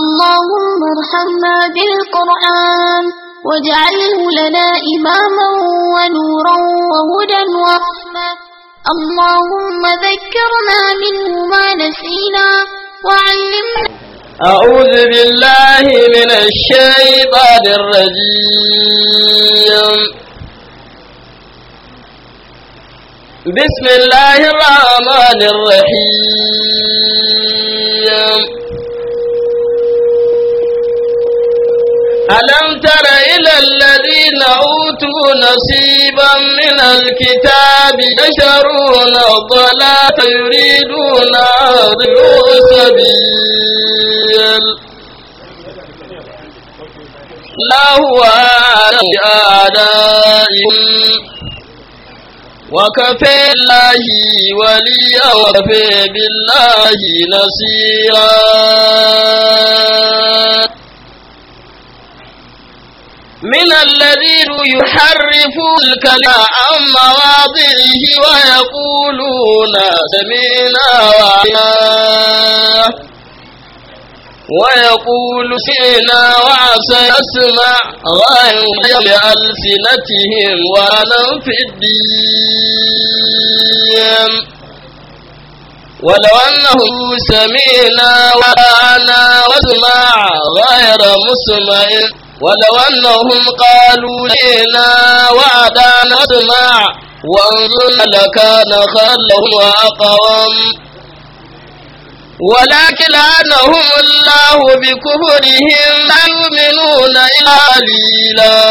اللهم ارحمنا بالقرآن واجعله لنا إماما ونورا وهدى ورحمة اللهم ذكرنا منه ما نسينا وعلمنا أعوذ بالله من الشيطان الرجيم بسم الله الرحمن الرحيم ألم تر إلى الذين أوتوا نصيبا من الكتاب يشرون الضلاة يريدون سبيل لا هو أعدائهم وكفى الله وليا وكفى بالله نصيرا من الذين يحرفون الكلام عن مواضعه ويقولون سمعنا وعنا ويقول وعسى يسمع غير بألسنتهم وأنا في الدين ولو أنهم سمعنا وعنا واسمع غير مسمع ولو أنهم قالوا لنا وعدا نسمع وانظرنا لكان خلهم لهم ولكن لأنهم الله بكفرهم لا يؤمنون إلا قليلا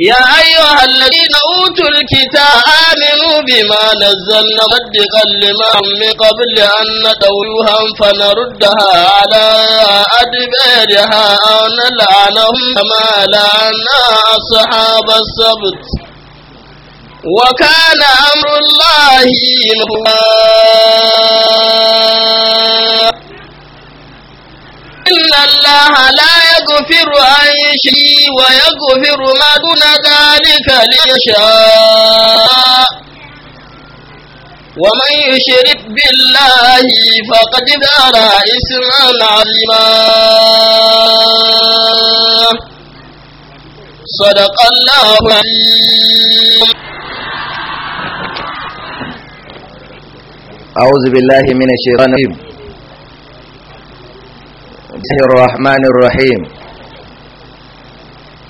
يا أيها الذين أوتوا الكتاب آمنوا بما نزلنا مصدقا لما من قبل أن ندويها فنردها على أدبارها أو نلعنهم كما لعنا أصحاب السبت وكان أمر الله مفعولا إن الله لا يغفر أن يشري ويغفر ما دون ذلك ليشاء ومن يشرك بالله فقد ذرى إثما عظيما صدق الله العظيم أعوذ بالله من الشيطان الرجيم الله الرحمن الرحيم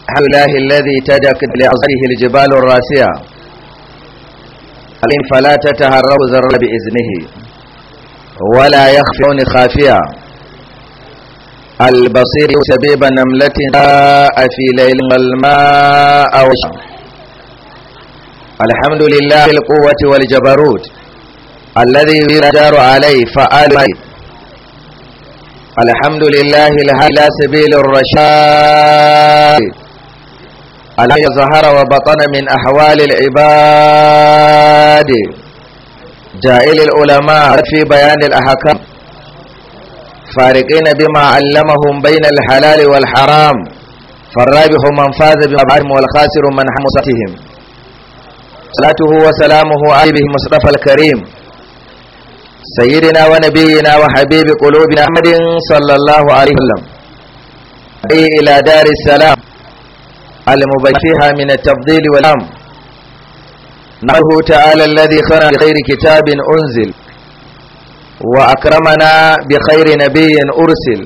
الحمد لله الذي تدك لعصره الجبال الراسية الإن فلا تتهرب ذر بإذنه ولا يخفون خافية البصير سبيب نملة في ليل الماء وشا الحمد لله القوة والجبروت الذي يجار عليه فآل الحمد لله الى سبيل الرشاد الذي ظهر وبطن من أحوال العباد جائل العلماء في بيان الأحكام فارقين بما علمهم بين الحلال والحرام فالرابح من فاز بمبعهم والخاسر من حمصتهم صلاته وسلامه عليه مصطفى الكريم سيدنا ونبينا وحبيب قلوبنا محمد صلى الله عليه وسلم إلى دار السلام المبشر فيها من التفضيل والأم نعوه تعالى الذي خرج بخير كتاب أنزل وأكرمنا بخير نبي أرسل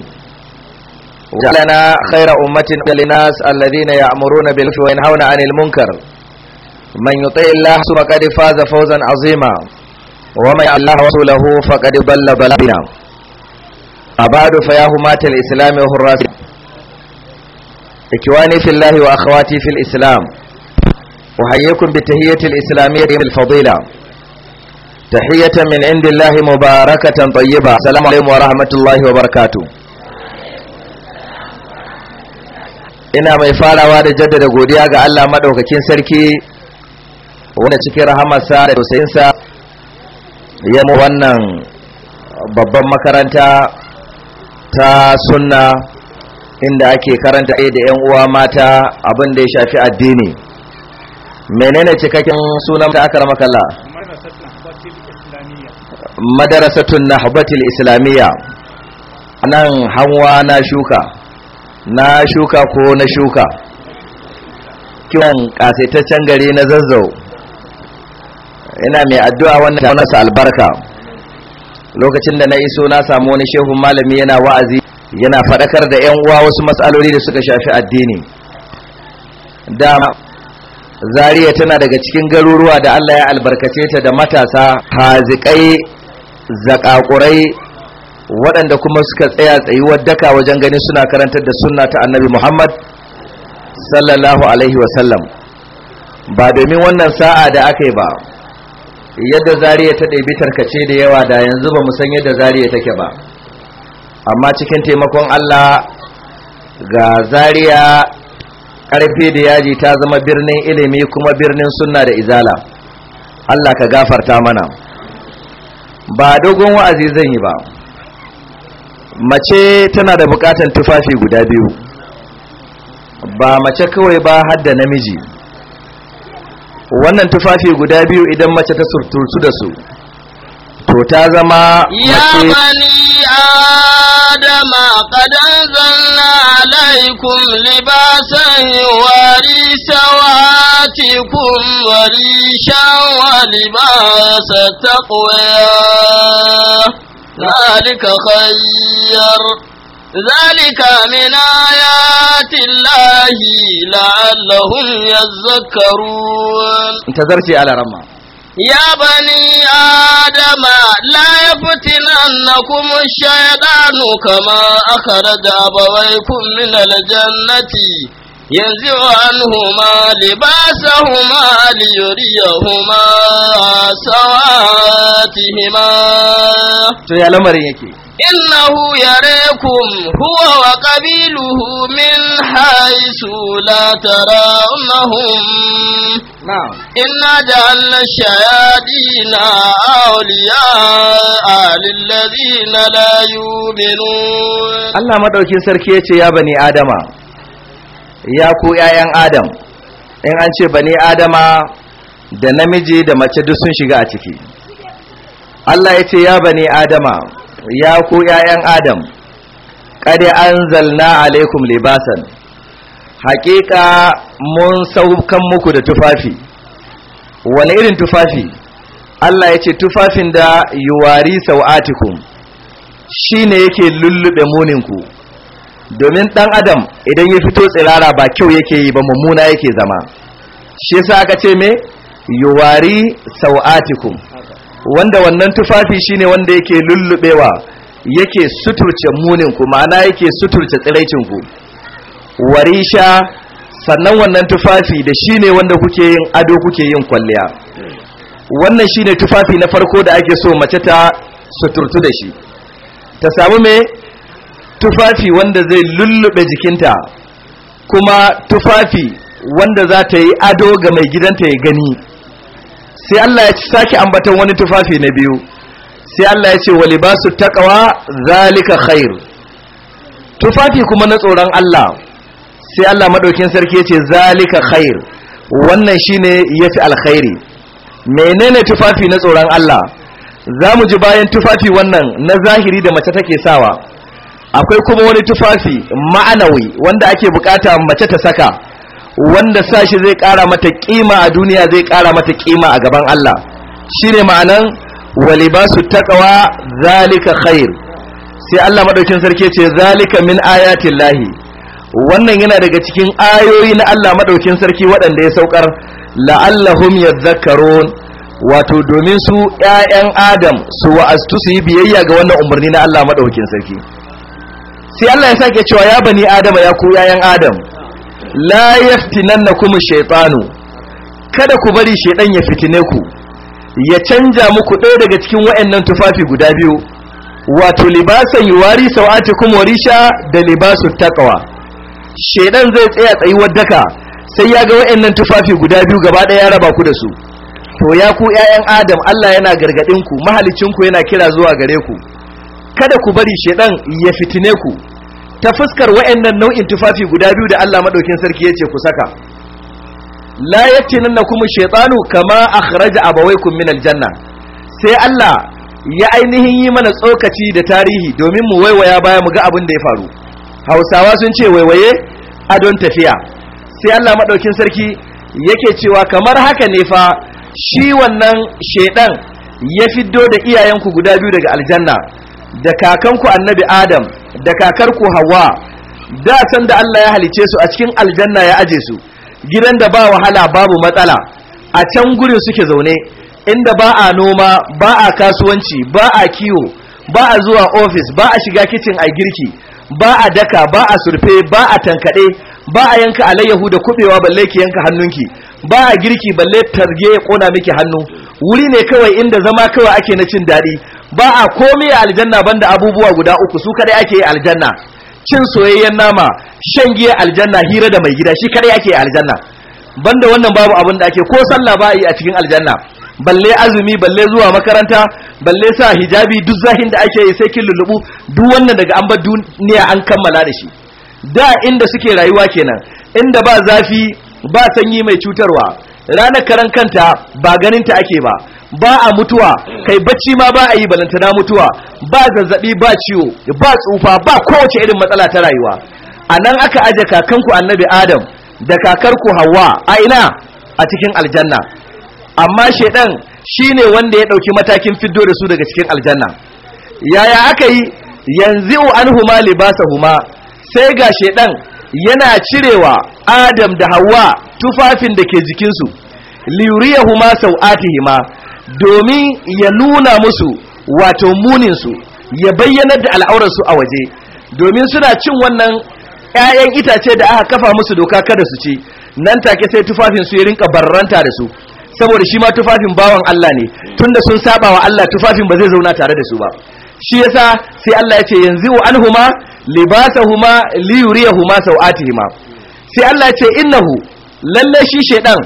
وجعلنا خير أمة للناس الذين يأمرون بالعدل وينهون عن المنكر من يطيع الله فقد فاز فوزا عظيما ومن الله ورسوله فقد ضل بلادنا أبعد فيا همات الإسلام وحراس إخواني في الله وأخواتي في الإسلام أحييكم بالتحية الإسلامية الفضيلة تحية من عند الله مباركة طيبة السلام عليكم ورحمة الله وبركاته ina mai farawa da jaddada godiya ga Allah madaukakin sarki wanda cikin rahamarsa da tausayinsa ya mu wannan babban makaranta ta sunna inda ake karanta da 'yan uwa mata abin da ya shafi addini menene cikakken sunan ta aka rama kalla madarasatun nahbatil islamiyya nan hanwa na shuka na shuka ko na shuka kiwon kasaitaccen gari na zazzau ina mai addu'a wannan nasa albarka lokacin da na iso na samu wani shehun malami yana wa'azi yana faɗakar da 'yan uwa wasu matsaloli da suka shafi addini Da zariya tana daga cikin garuruwa da allah ya albarkace ta da matasa hazikai zakakurai waɗanda kuma suka tsaya tsayuwar daka wajen ganin suna karantar da sunna ta annabi muhammad sallallahu alaihi wasallam ba domin wannan sa'a da aka yi ba yadda zariya ta ɗabi tarkace da yawa da yanzu ba san yadda zariya take ba amma cikin taimakon allah ga zariya ƙarfi da yaji ta zama birnin ilimi kuma birnin sunna da izala allah ka gafarta mana ba dogon wa'azi zan yi ba mace tana da bukatan tufafi guda biyu ba mace kawai ba hadda namiji wannan tufafi guda biyu idan mace ta surtutu da su to ta zama mace ya bani adama qad anzalna alaikum libasan yuwari sawatikum wa rishan wa libas taqwa zalika khayr ذلك من آيات الله لعلهم يذكرون تذرتي على رمى يا بني آدم لا يفتننكم الشيطان كما أخرج أبويكم من الجنة Yanzu an لباسهما ليريهما سواتهما to ya lamarin yake innahu yarekum huwa wa qabiluhu min haythu la tarawnahum na'am inna ja'alna shayatina awliya'a lilladhina la yu'minun Allah maɗaukin sarki yace ya bani adama ya ku ‘ya'yan adam in an ce bani adama da namiji da mace duk sun shiga a ciki Allah ya ce ya bani adama ya ku ‘ya'yan adam kada an zalna alaikum libasan haƙiƙa mun saukan muku da tufafi wani irin tufafi Allah ya ce tufafin da yuwari sau'atikum shi ne yake lullube muninku domin ɗan adam idan ya fito tsirara ba kyau yake yi ba mummuna yake zama shi yasa aka ce me yuwari sau'atikum wanda wannan tufafi shine wanda yake lullubewa yake suturce munin ku ma'ana yake suturce tsiraicinku wari sha sannan wannan tufafi da shine wanda kuke yin ado kuke yin kwalliya wannan shine tufafi na farko da ake so mace ta suturtu da shi ta samu me tufafi wanda zai lullube jikinta kuma tufafi wanda za ta yi ado ga mai gidanta ya gani sai Allah ya ci sake ambaton wani tufafi na biyu sai Allah ya ce wali basu takawa zalika khair tufafi kuma na tsoron Allah sai Allah madaukin sarki ya ce zalika khair wannan shine yafi alkhairi menene tufafi na tsoron Allah za mu ji bayan tufafi wannan na zahiri da mace take sawa akwai kuma wani tufafi ma'anawi wanda ake bukata mace ta saka wanda sashi zai kara mata kima a duniya zai kara mata kima a gaban Allah shine ma'anan walibasu taqwa zalika khair sai Allah madaukin sarki ce zalika min ayatin wannan yana daga cikin ayoyi na Allah madaukin sarki waɗanda ya saukar la'allahum yadhakkarun wato domin su ƴaƴan Adam su wa'astu su yi biyayya ga wannan umarni na Allah madaukin sarki sai Allah ya sake cewa ya bani adama ya ku yayan adam la yaftinannakum shaytanu kada ku bari shaydan ya fitine ku ya canja muku ɗaya daga cikin waɗannan tufafi guda biyu wato libasan yuwari sawatikum warisha da libasu taqwa shaydan zai tsaya tsayuwar daka sai ya ga waɗannan tufafi guda biyu gaba ɗaya ya raba ku da su to ya ku 'ya'yan adam Allah yana gargadin ku mahalicin ku yana kira zuwa gare ku kada ku bari shaydan ya fitine ku ta fuskar wa'annan nau'in tufafi guda biyu da Allah madaukin sarki yace ku saka la yaftinannakum ash-shaytanu kama akhraja abawaykum min aljanna janna sai Allah ya ainihin yi mana tsokaci da tarihi domin mu waiwaya baya mu ga abin da ya faru Hausawa sun ce waiwaye a don tafiya sai Allah madaukin sarki yake cewa kamar haka ne fa shi wannan shedan ya fiddo da iyayenku guda biyu daga aljanna da kakanku annabi adam da kakarku hawa da san da Allah ya halice su a cikin aljanna ya aje su gidan da ba wahala babu matsala a can gurin suke zaune inda ba a noma ba a kasuwanci ba a kiwo ba a zuwa ofis ba a shiga kicin a girki ba a daka ba a surfe ba a tankaɗe ba a yanka alayyahu da kubewa balle ki yanka hannunki ba a girki balle targe ya kona miki hannu wuri ne kawai inda zama kawai ake na cin daɗi ba a komai a aljanna banda abubuwa guda uku su kadai ake yi aljanna cin soyayyen nama shan giya aljanna hira da mai gida shi kadai ake yi aljanna banda wannan babu abin da ake ko sallah ba yi a cikin aljanna balle azumi balle zuwa makaranta balle sa hijabi duk zahin da ake yi sai kin lulubu duk wannan daga an bar duniya an kammala da shi da inda suke rayuwa kenan inda ba zafi ba sanyi mai cutarwa ranar karan kanta ba ganin ta ake ba ba a mutuwa kai bacci ma ba a yi balantana mutuwa ba zazzabi ba ciwo ba tsufa ba kowace irin matsala ta rayuwa a nan aka aje kakanku annabi adam da kakarku hawa a ina a cikin aljanna amma shaidan shine wanda ya dauki matakin fiddo da su daga cikin aljanna yaya aka yi yanzu anhuma huma sai ga shaidan yana cirewa adam da hawa tufafin da ke jikinsu liyuriyahuma sau'atihima domin ya nuna musu wato muninsu ya bayyanar da al'aurarsu a waje domin suna cin wannan 'ya'yan itace da aka kafa musu doka kada su ci nan take sai tufafin su ya rinka barranta da su saboda shi ma tufafin bawan Allah ne tunda sun saba wa Allah tufafin ba zai zauna tare da su ba shi yasa sai Allah ya ce yanzu anhuma libasahuma yuriyahuma sawatihima sai Allah ya ce innahu lalle shi shedan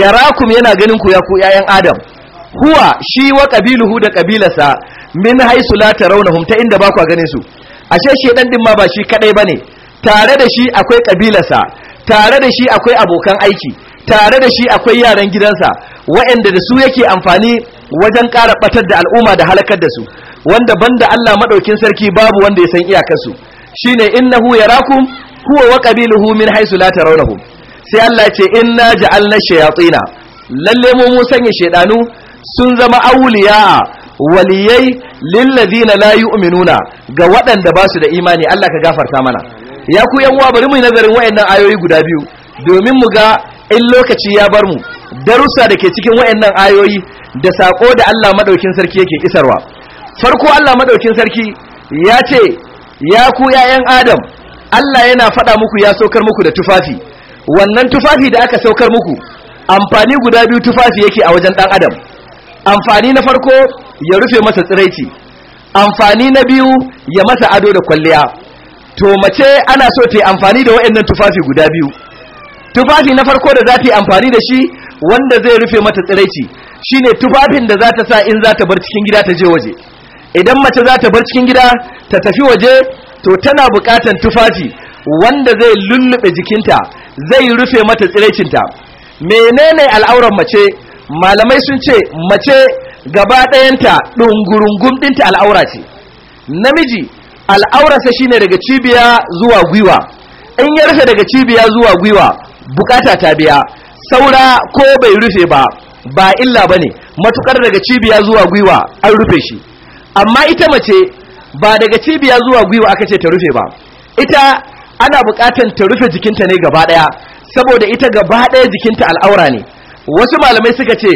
yarakum yana ganin ku ya ku 'ya'yan adam huwa shi wa qabiluhu da kabilarsa min haisu la tarawnahum ta inda ba ku ganin su ashe dan din ma ba shi kadai bane tare da shi akwai kabilarsa tare da shi akwai abokan aiki tare da shi akwai yaran gidansa waɗanda da su yake amfani wajen ƙara ɓatar da al'umma da halakar da su wanda banda Allah maɗaukin sarki babu wanda ya san iyakarsu shine innahu yarakum huwa wa qabiluhu min haisu la tarawnahum sai Allah ya ce inna ja'alna shayatina lalle mu mu sanya shedanu sun zama auliya waliyai na la yu'minuna ga waɗanda ba su da imani Allah ka gafarta mana ya ku yan uwa bari mu nazarin wayannan ayoyi guda biyu domin mu ga in lokaci ya bar mu darussa da ke cikin wayannan ayoyi da sako da Allah madaukin sarki yake isarwa farko Allah madaukin sarki ya ce ya ku yayan adam Allah yana faɗa muku ya saukar muku da tufafi wannan tufafi da aka saukar muku amfani guda biyu tufafi yake a wajen ɗan adam amfani na farko ya rufe masa tsiraici amfani na biyu ya masa ado da kwalliya to mace ana so ta yi amfani da waɗannan tufafi guda biyu tufafi na farko da za ta yi amfani da shi wanda zai rufe mata tsiraici shine tufafin da za ta sa in za ta bar cikin gida ta je waje idan mace za ta bar cikin gida ta tafi waje to tana buƙatar tufafi wanda zai lullube jikinta zai rufe mata tsiraicinta menene al'auran mace malamai sun ce mace gaba ɗayanta ɗungurungun ɗinta al'aura ce namiji al'aurarsa shine daga cibiya zuwa gwiwa in ya rufe daga cibiya zuwa gwiwa bukata ta biya saura ko bai rufe ba ba illa ba ne matukar daga cibiya zuwa gwiwa an rufe shi amma ita mace ba daga cibiya zuwa gwiwa aka ce ta rufe ba ita ana bukatan ta rufe jikinta ne gaba ɗaya saboda ita gaba ɗaya jikinta al'aura ne wasu malamai suka ce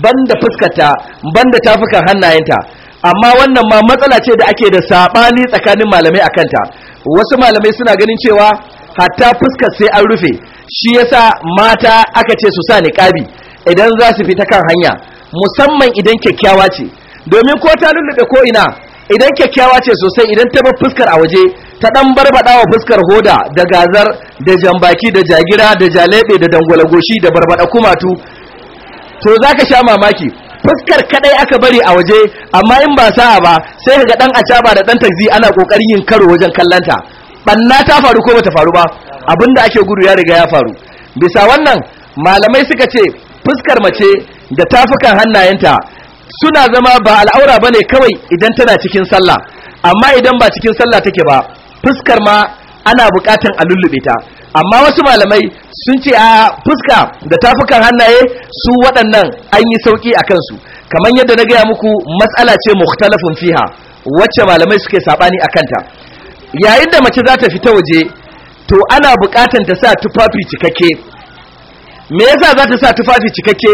banda fuskarta banda tafukan hannayenta amma wannan ma matsala ce da ake da sabani tsakanin malamai akan ta wasu malamai suna ganin cewa hatta fuskar sai an rufe shi yasa mata aka ce su sa niqabi idan za su fita kan hanya musamman idan kyakkyawa ce domin ko ta lullube ko ina idan kyakkyawa ce sosai idan ta bar fuskar a waje ta ɗan barbaɗawa fuskar hoda da gazar da jambaki da jagira da jalebe da dangwalagoshi da barbaɗa kumatu to zaka sha mamaki fuskar kadai aka bari a waje amma in ba sa'a ba sai ɗan dan acaba da ɗan takzi ana kokarin yin karo wajen kallanta Ɓanna ta faru ko bata faru ba abinda ake gudu ya riga ya faru bisa wannan malamai suka ce fuskar mace da tafukan hannayenta suna zama ba al'aura bane kawai idan tana cikin sallah amma idan ba cikin sallah take ba fuskar ma ana bukatan a lullube ta amma wasu malamai sun ce a fuska da tafukan hannaye su waɗannan an yi sauƙi a kansu kamar yadda na gaya muku matsala ce muktalafin fiha wacce malamai suke saɓani a kanta yayin da mace za ta fita waje to ana bukatan ta sa tufafi cikakke me yasa za ta sa tufafi cikakke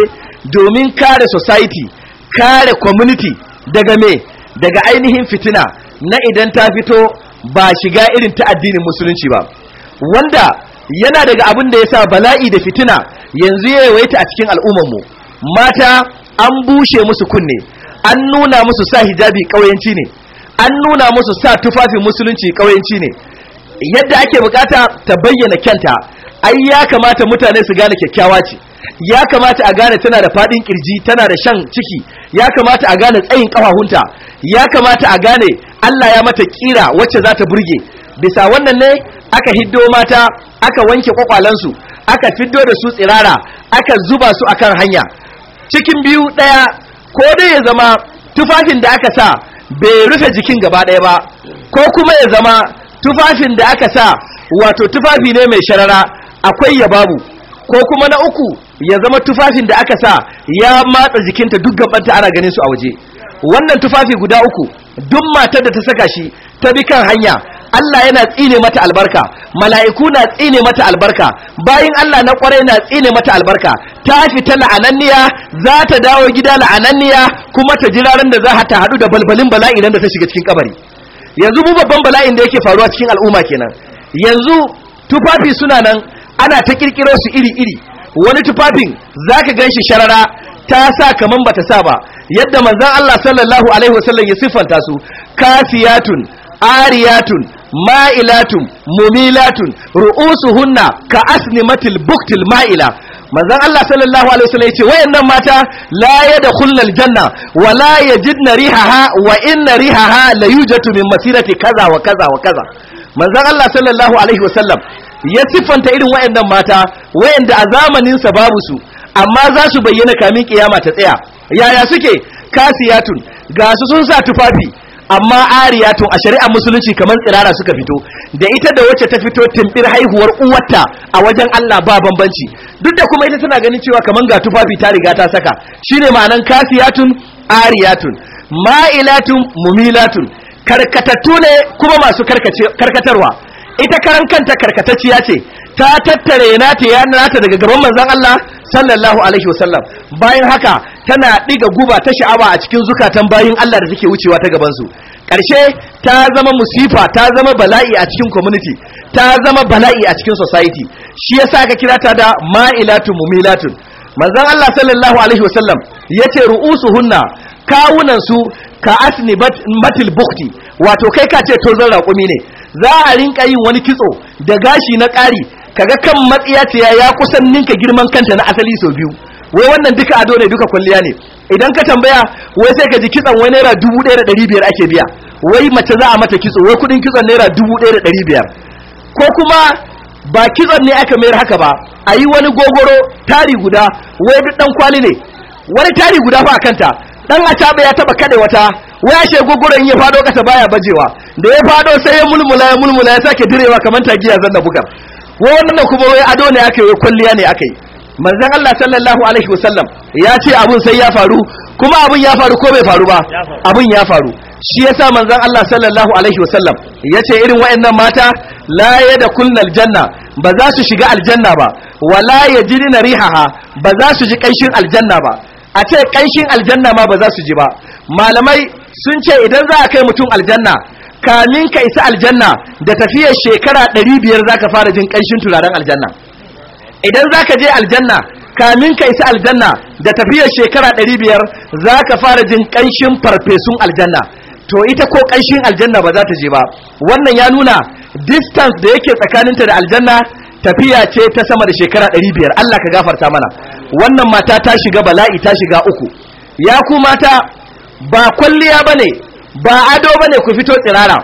domin kare society kare community daga me daga ainihin fitina na idan ta fito ba shiga irin ta addinin musulunci ba wanda yana daga abin da ya sa bala'i da fitina yanzu ya yawaita a cikin al'ummarmu mata an bushe musu kunne an nuna musu sa hijabi ƙauyenci ne an nuna musu sa tufafin musulunci ƙauyenci ne yadda ake bukata ta bayyana kyanta ai ya kamata mutane su gane kyakkyawa ce ya kamata a gane tana da fadin kirji tana da shan ciki ya kamata a gane tsayin kafahunta ya kamata a gane Allah ya mata kira wacce za ta burge bisa wannan ne aka hiddo mata aka wanke kwakwalansu aka fiddo da su tsirara aka zuba su akan hanya cikin biyu daya ko dai ya zama tufafin da aka sa bai rufe jikin gaba daya ba ko kuma ya zama tufafin da aka sa wato tufafi ne mai sharara akwai ya babu ko kuma na uku ya zama tufafin da aka sa ya matsa jikinta duk gabanta ana ganin su a waje wannan tufafi guda uku duk matar da ta saka shi ta bi kan hanya Allah yana tsine mata albarka mala'iku na tsine mata albarka bayin Allah na kwarai na tsine mata albarka ta fita la'ananniya za ta dawo gida la'ananniya kuma ta ji ran da za ta hadu da balbalin bala'i nan da ta shiga cikin kabari yanzu mu babban bala'in da yake faruwa cikin al'umma kenan yanzu tufafi suna nan ana ta kirkiro su iri iri wani tufafin za zaka ganshi sharara ta sa kaman bata sa ba yadda manzan Allah sallallahu alaihi wasallam ya siffanta su kasiyatun ariyatun ma'ilatun mumilatun ru'usuhunna ka asnimatil buktil ma'ila Manzan Allah sallallahu alaihi wasallam yace wayannan mata la yadkhulna aljanna wa la yajidna rihaha wa inna rihaha la yujatu min masirati kaza wa kaza wa kaza Manzan Allah sallallahu alaihi wasallam ya siffanta irin wayannan mata wayanda a zamanin sa babu su amma za su bayyana kamin kiyama ta tsaya yaya suke kasiyatun ga su sun sa tufafi amma ariyatun a shari'ar musulunci kamar tsirara suka fito da ita da wacce ta fito timbir haihuwar uwarta a wajen Allah ba bambanci duk da kuma ita tana ganin cewa kamar ga tufafi ta riga ta saka shine ma'anan kasiyatun ariyatun ma'ilatun mumilatun karkatattu ne kuma masu karkatarwa ita karan kanta karkatacciya ce ta tattare nata ya nata daga gaban manzon Allah sallallahu alaihi wasallam bayan haka tana diga guba ta sha'awa a cikin zukatan bayin Allah da suke wucewa ta gaban su karshe ta zama musifa ta zama bala'i a cikin community ta zama bala'i a cikin society shi yasa ka kira ta da ma'ilatu mumilatun manzon Allah sallallahu alaihi wasallam yace ru'usuhunna kawunan su ka asnibat matil bukti wato kai ka ce tozon raƙumi ne za a rinka yin wani kitso da gashi na ƙari kaga kan matsiya ce ya kusan ninka girman kanta na asali sau biyu wai wannan duka ado ne duka kwalliya ne idan ka tambaya wai sai ka ji kitson wai naira dubu ɗaya da ɗari biyar ake biya wai mace za a mata kitso wai kuɗin kitson naira dubu ɗaya da ɗari biyar ko kuma ba kitson ne aka mayar haka ba a yi wani gogoro tari guda wai duk ɗan kwali ne wani tari guda fa a kanta dan acaba ya taba kada wata waya she in ya fado kasa baya bajewa da ya fado sai ya mulmula ya mulmula ya sake direwa kamar giya zanna bugar wannan kuma wai ado ne aka yi kulliya ne aka yi manzon Allah sallallahu alaihi wasallam ya ce abun sai ya faru kuma abun ya faru ko bai faru ba abun ya faru shi yasa manzon Allah sallallahu alaihi wasallam ya ce irin wayannan mata la kullal janna ba za su shiga aljanna ba wala yajidina rihaha ba za su ji kanshin aljanna ba a ce kanshin aljanna ma ba za su ji ba malamai sun ce idan za a kai mutum aljanna kamin ka isa aljanna da tafiyar shekara 500 zaka fara jin kanshin turaren aljanna idan zaka je aljanna kamin ka isa aljanna da tafiyar shekara 500 zaka fara jin kanshin farfesun aljanna to ita ko kanshin aljanna ba za ta je ba wannan ya nuna distance da yake tsakaninta da aljanna tafiya ce ta sama da shekara 500 Allah ka gafarta mana wannan mata ta shiga bala'i ta shiga uku ya ku mata ba kwalliya bane ba ado bane ku fito tsirara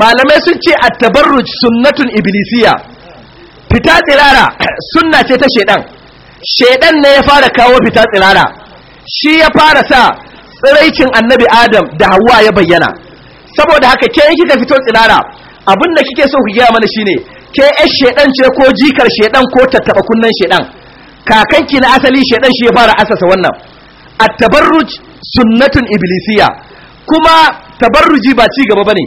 malamai sun ce at-tabarruj sunnatun iblisiya fita tsirara sunna ce ta shedan shedan ne ya fara kawo fita tsirara shi ya fara sa tsiraicin annabi adam da hawa ya bayyana saboda haka ke ka fito tsirara abin da kike so ku gaya mana shine ke yar shedan ce ko jikar shedan ko tattaba kunnan shedan kakanki na asali shedan shi ya fara asasa wannan at-tabarruj sunnatun iblisiya kuma tabarruji ba ci gaba bane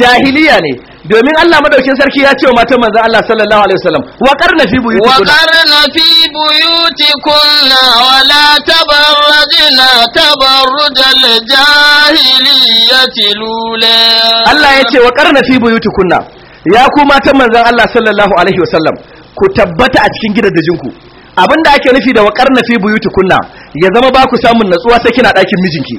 jahiliya ne domin Allah madaukin sarki ya ce wa matan manzon Allah sallallahu alaihi wasallam wa qarna fi buyutikunna wa qarna fi buyutikunna wa la tabarrajna tabarrujal jahiliyati lula Allah ya ce wa qarna fi ya ku matan manzon Allah sallallahu alaihi wasallam ku tabbata a cikin gidajenku abinda ake nufi da wakar nafi buyutu kunna, ya zama ba ku samun natsuwa sai kina ɗakin mijinki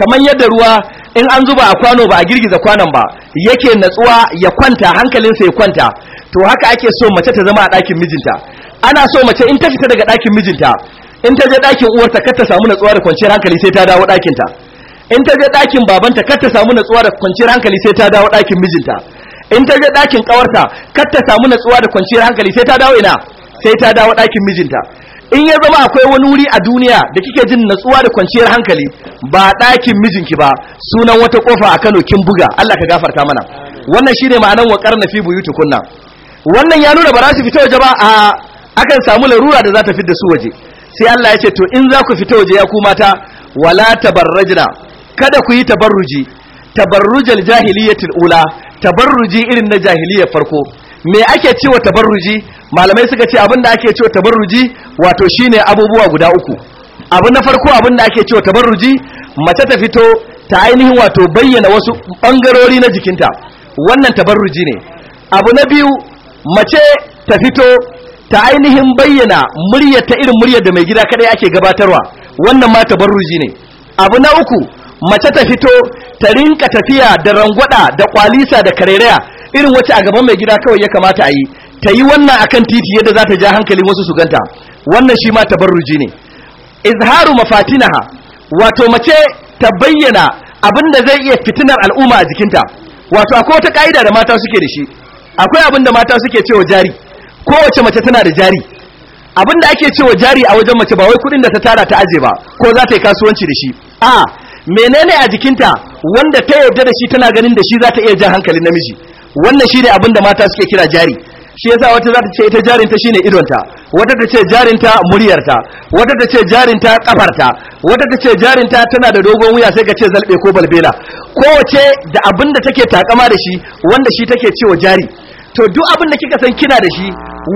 kamar yadda ruwa in an zuba a kwano ba a girgiza kwanon ba yake natsuwa ya kwanta hankalinsa ya kwanta to haka ake so mace ta zama a ɗakin mijinta ana so mace in ta fita daga ɗakin mijinta in ta je ɗakin uwarta kar ta samu natsuwa da kwanciyar hankali sai ta dawo ɗakinta in ta je ɗakin babanta kar ta samu natsuwa da kwanciyar hankali sai ta dawo ɗakin mijinta in ta je ɗakin ƙawarta kar ta samu natsuwa da kwanciyar hankali sai ta dawo ina sai ta dawo ɗakin mijinta in ya zama akwai wani wuri a duniya da kike jin natsuwa da kwanciyar hankali ba ɗakin mijinki ba sunan wata kofa a Kano kin buga Allah ka gafarta mana wannan shine ma'anar wa karna fi kunna wannan ya nuna ba za su fita waje ba a akan samu larura da za ta fitar da su waje sai Allah ya ce to in za ku fita waje ya ku mata wala tabarrajna kada ku yi tabarruji tabarrujal jahiliyatul ula tabarruji irin na jahiliya farko me ake cewa tabarruji malamai suka ce abinda ake cewa tabarruji wato shine abubuwa guda uku abu na farko abinda ake cewa tabarruji mace ta fito ta ainihin wato bayyana wasu bangarori na jikinta wannan tabarruji ne abu na biyu mace ta fito ta ainihin bayyana muryar ta irin muryar da mai gida kadai ake gabatarwa wannan ma tabarruji ne abu na uku mace ta fito ta rinka tafiya da rangwada da kwalisa da karereya irin wacce a gaban mai gida kawai ya kamata a yi ta yi wannan akan titi yadda za ta ja hankali wasu su ganta wannan shi ma tabarruji ne izharu mafatinaha wato mace ta bayyana abin da zai iya fitinar al'umma a jikinta wato akwai wata ka'ida da mata suke da shi akwai abin da mata suke cewa jari kowace mace tana da jari abin da ake cewa jari a wajen mace ba wai kudin da ta tara ta aje ba ko za ta yi kasuwanci da shi a menene a jikinta wanda ta yarda da shi tana ganin da shi za ta iya jan hankalin namiji wannan shi ne abin mata suke kira jari shi yasa wata za ta ce ita jarinta shi ne idonta wata ta ce jarinta muryarta wata ta ce jarinta kafarta wata ta ce jarinta tana da dogon wuya sai ka ce zalbe ko balbela kowace da abin take takama da shi wanda shi take cewa jari to duk abin da kika san kina da shi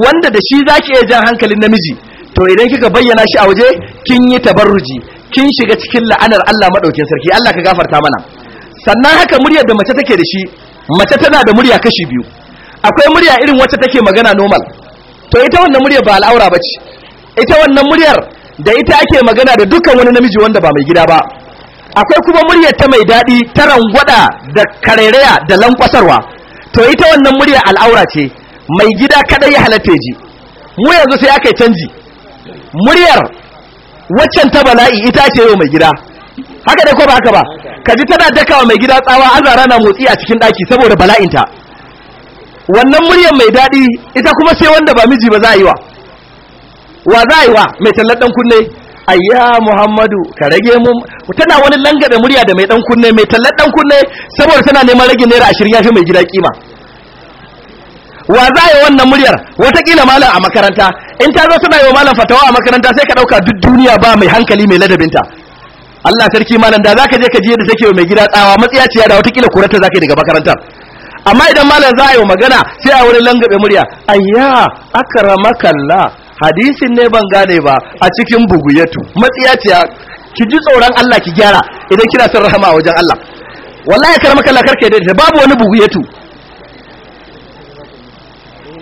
wanda da shi zaki iya jan hankalin namiji to idan kika bayyana shi a waje kin yi tabarruji kin shiga cikin la'anar Allah madaukin sarki Allah ka gafarta mana sannan haka muryar da mace take da shi mace tana da murya kashi biyu akwai murya irin wacce take magana normal to ita wannan murya ba al'aura bace ita wannan muryar da ita ake magana da dukkan wani namiji wanda ba mai gida ba akwai kuma muryar ta mai daɗi ta rangwada da karereya da lankwasarwa to ita wannan murya al'aura ce mai gida kadai ya halatta ji mu yanzu sai aka canji muryar waccan ta bala'i ita ce yau mai gida haka dai ko ba haka ba ka ji tana wa mai gida tsawa an zara na motsi a cikin daki saboda bala'inta wannan muryar mai daɗi ita kuma sai wanda ba miji ba za a yi wa wa za a yi wa mai tallar ɗan kunne ayya muhammadu ka rage mu tana wani langa da murya da mai ɗan kunne mai tallar ɗan kunne saboda tana neman rage naira ashirin ya fi mai gida kima wa za a yi wannan muryar watakila malam a makaranta in ta zo suna yi wa malam fatawa a makaranta sai ka ɗauka duk duniya ba mai hankali mai ladabinta Allah sarki malam da za ka je ka ji yadda take mai gida tsawa matsiya ciya da watakila kurata ka yi daga makarantar amma idan malam za a yi magana sai a wurin langabe murya ayya akramakalla hadisin ne ban gane ba a cikin buguyatu matsiya ciya ki ji tsoron Allah ki gyara idan kina son rahama a wajen Allah wallahi ka karka yadda babu wani buguyatu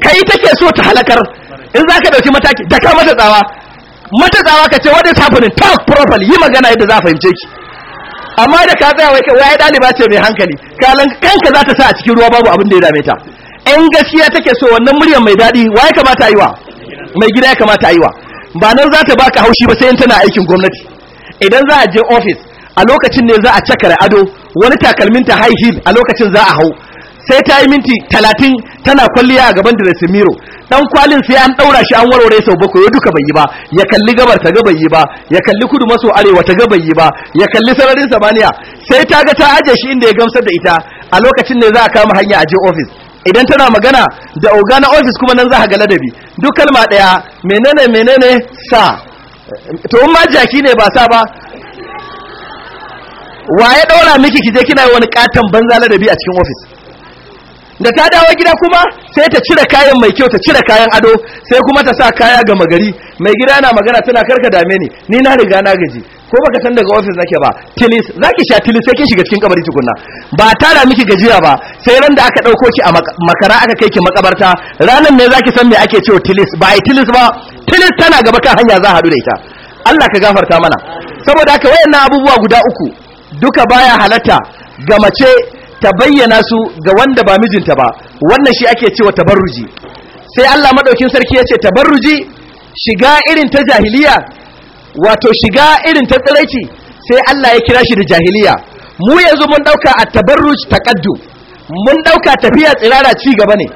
kai take so ta halakar in za ka ɗauki mataki da ka mata tsawa mata tsawa ka ce what is happening talk properly yi magana yadda za a fahimce ki amma da ka tsaya wai wai ɗaliba ce mai hankali kalan kanka za ta sa a cikin ruwa babu abin da ya dame ta in gaskiya take so wannan muryar mai daɗi wa ya kamata yi wa mai gida ya kamata yi wa ba nan za ta baka haushi ba sai in tana aikin gwamnati idan za a je office a lokacin ne za a cakara ado wani takalmin ta high heel a lokacin za a hau sai ta yi minti talatin tana kwalliya a gaban da miro dan kwalin sai an daura shi an warware sau bakwai duka bai yi ba ya kalli gabar ta gabai yi ba ya kalli kudu maso arewa ta gabai yi ba ya kalli sararin samaniya sai ta ga ta aje shi inda ya gamsar da ita a lokacin ne za a kama hanya a je ofis idan tana magana da oga na ofis kuma nan za a ga ladabi duk kalma daya menene menene sa to in ma jaki ne ba sa ba wa ya daura miki kije kina wani katon banza ladabi a cikin ofis da ta dawo gida kuma sai ta cire kayan mai kyau ta cire kayan ado sai kuma ta sa kaya ga magari mai gida na magana tana karka dame ni ni na riga na gaji ko baka san daga office nake ba tilis zaki sha tilis sai kin shiga cikin kabari tukunna ba tara miki gajiya ba sai ran da aka dauko ki a makara aka kai ki makabarta ranan ne zaki san me ake cewa tilis ba ai tilis ba tilis tana gaba kan hanya za hadu da ita Allah ka gafarta mana saboda haka wayannan abubuwa guda uku duka baya halatta ga mace ta bayyana su ga wanda ba mijinta ba wannan shi ake cewa tabarruji sai Allah madaukin sarki ya ce tabarruji shiga irin ta jahiliya wato shiga irin ta tsiraici sai Allah ya kira shi da jahiliya mu yanzu mun dauka a tabarruj taqaddu mun dauka tafiya tsirara ci gaba ne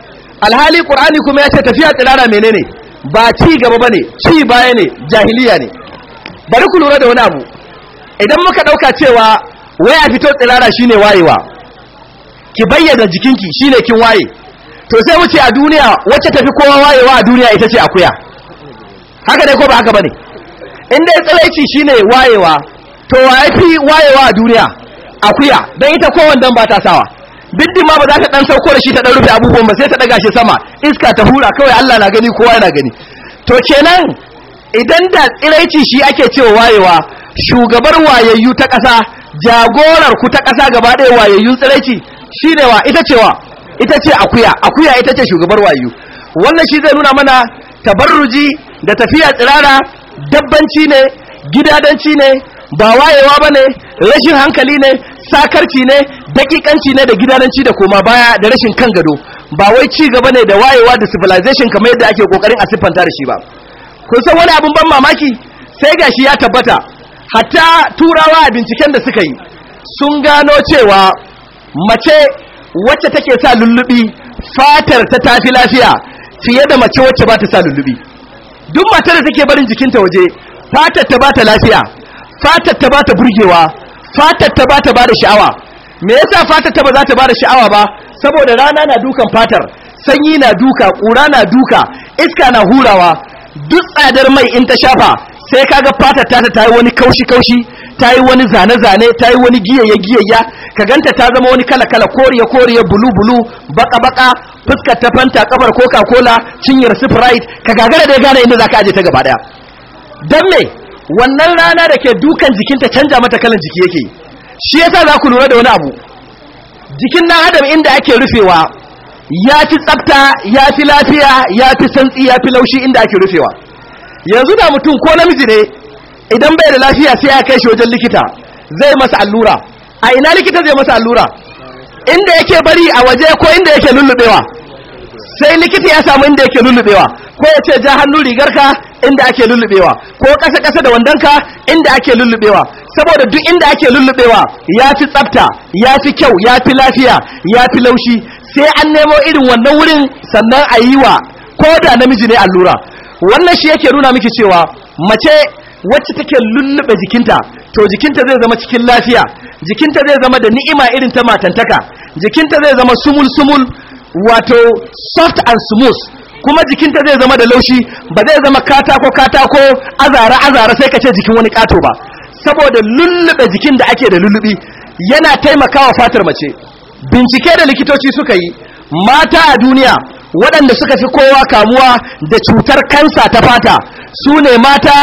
alhali qur'ani kuma ya ce tafiya tsirara menene ba ci gaba bane ci baya ne jahiliya ne bari ku lura da wani abu idan muka dauka cewa wai a fito tsirara shine wayewa ki bayyana jikinki shine kin waye to sai wuce a duniya wacce tafi kowa wayewa a duniya ita ce akuya haka dai ko ba haka bane in dai tsiraici shine wayewa to waye fi wayewa a duniya akuya dan ita ko wandan ba ta sawa biddi ma ba za ta dan sauko da shi ta dan rufe abubuwan ba sai ta daga shi sama iska ta hura kawai Allah na gani kowa na gani to kenan idan da tsiraici shi ake cewa wayewa shugabar wayayyu ta ƙasa jagorar ku ta ƙasa gaba ɗaya wayayyun tsiraici shi wa ita ce ita ce akuya akuya ita ce shugabar wayo wannan shi zai nuna mana tabarruji da tafiya tsirara dabbanci ne gidadanci ne ba wayewa ba rashin hankali ne sakarci ne dakikanci ne da gidadanci da koma baya da rashin kan gado ba wai ci gaba ne da wayewa da civilization kamar yadda ake kokarin a siffanta da shi ba kun san wani abin ban mamaki sai gashi ya tabbata hatta turawa a binciken da suka yi sun gano cewa mace wacce take sa lullubi fatar ta tafi lafiya fiye da mace wacce ba ta sa lullubi duk matar da take barin jikinta waje fatar ta ba ta lafiya fatar ta ba ta burgewa fatar ta ba ta ba da sha'awa me yasa fatar ta ba za ta ba da sha'awa ba saboda rana na dukan fatar sanyi na duka ƙura na duka iska na hurawa duk tsadar mai in ta shafa sai kaga fata ta ta yi wani kaushi kaushi ta yi wani zane zane ta yi wani giyayya giyayya ka ganta ta zama wani kala kala koriya koriya bulu bulu baka baka fuskar ta fanta kabar coca cola cinyar sprite ka gagara da gane inda za ka aje ta gaba daya Don me wannan rana da ke dukan jikinta canja mata kalan jiki yake shi yasa za ku lura da wani abu jikin na adam inda ake rufewa ya fi tsafta ya fi lafiya ya fi santsi ya fi laushi inda ake rufewa yanzu da mutum ko namiji ne idan bai da lafiya sai a kai shi wajen likita zai masa allura a ina likita zai masa allura inda yake bari a waje ko inda yake lullubewa sai likita ya samu inda yake lullubewa ko ya ce ja hannu rigarka inda ake lullubewa ko kasa kasa da wandonka inda ake lullubewa saboda duk inda ake lullubewa ya fi tsafta ya fi kyau ya fi lafiya ya fi laushi sai an nemo irin wannan wurin sannan a yi wa ko da namiji ne allura wannan shi yake nuna miki cewa mace wacce take lullube jikinta to jikinta zai zama cikin lafiya jikinta zai zama da ni'ima irin ta matantaka jikinta zai zama sumul sumul wato soft and smooth kuma jikinta zai zama da laushi ba zai zama katako katako azara azara sai ka ce jikin wani kato ba saboda lullube jikin da ake da lullubi yana taimakawa fatar mace bincike da likitoci suka yi mata a duniya waɗanda suka fi kowa kamuwa da cutar kansa ta fata su ne mata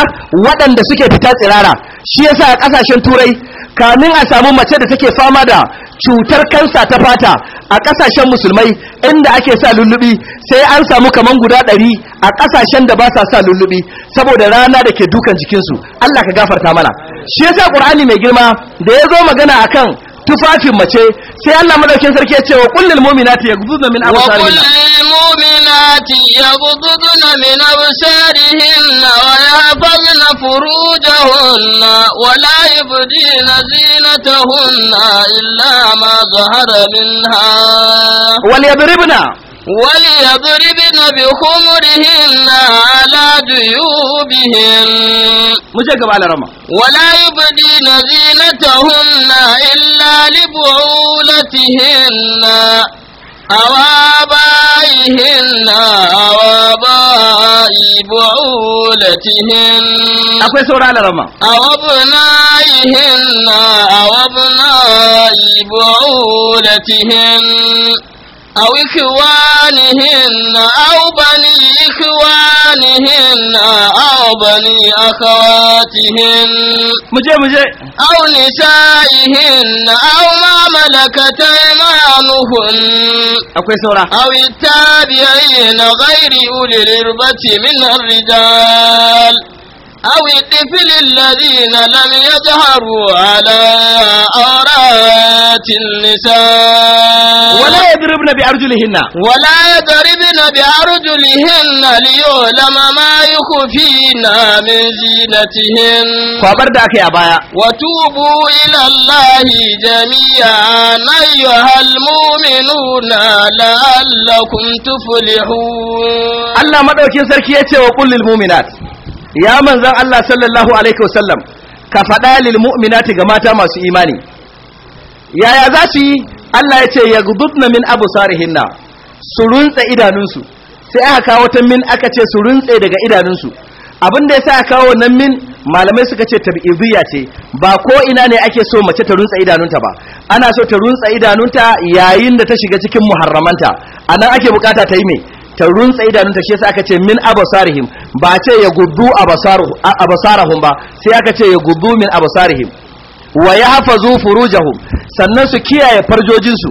waɗanda suke fita tsirara shi yasa a ƙasashen turai kamin a samu mace da take fama da cutar kansa ta fata a ƙasashen musulmai inda ake sa lullubi sai an samu kaman guda ɗari a ƙasashen da ba sa sa lullubi saboda rana da ke dukan jikinsu Allah ka gafarta mana shi yasa ƙur'ani mai girma da ya zo magana a kan tufafin mace sai Allah madaukin sarki ya ce wa kullul mu'minati yaghudna min absarihinna المؤمنات يغضضن من أبصارهن ويحفظن فروجهن ولا يبدين زينتهن إلا ما ظهر منها وليضربن وليضربن بخمرهن على جيوبهن مجاك على رمى ولا يبدين زينتهن إلا لبعولتهن أو آبائهن أو آباء بعولتهن أكوي سورة على رمى أو أبنائهن أو أبناء بعولتهن أو إخوانهن أو بني إخوانهن أو بني أخواتهن مجي مجي أو نسائهن أو ما ملكت أيمانهن أو التابعين غير أولي الإربة من الرجال أو الطفل الذين لم يظهروا على عورات النساء bi arjulihinna wala yadribna bi arjulihinna liyulama ma yukhfina min zinatihin kwabar da aka a baya wa tubu ila allahi jami'an ayyuhal mu'minuna la'allakum tuflihun Allah madaukin sarki yace wa qul mu'minat ya manzon Allah sallallahu alaihi wasallam ka faɗa lil mu'minati ga mata masu imani yaya za su yi Allah ya ce ya gududna min abu na, su runtse idanunsu sai aka kawo ta min aka ce su runtse daga idanunsu abin da sa aka kawo nan min malamai suka ce tab'idiyya ce ba ko ina ne ake so mace ta runtse idanunta ba ana so ta runtse idanunta yayin da ta shiga cikin muharramanta anan ake bukata ta yi me ta runtse idanunta shi yasa aka ce min abasarihim ba ce ya gudu abasarahum ba sai aka ce ya gudu min abasarihim wa ya yahfazu furujahum sannan su kiyaye farjojinsu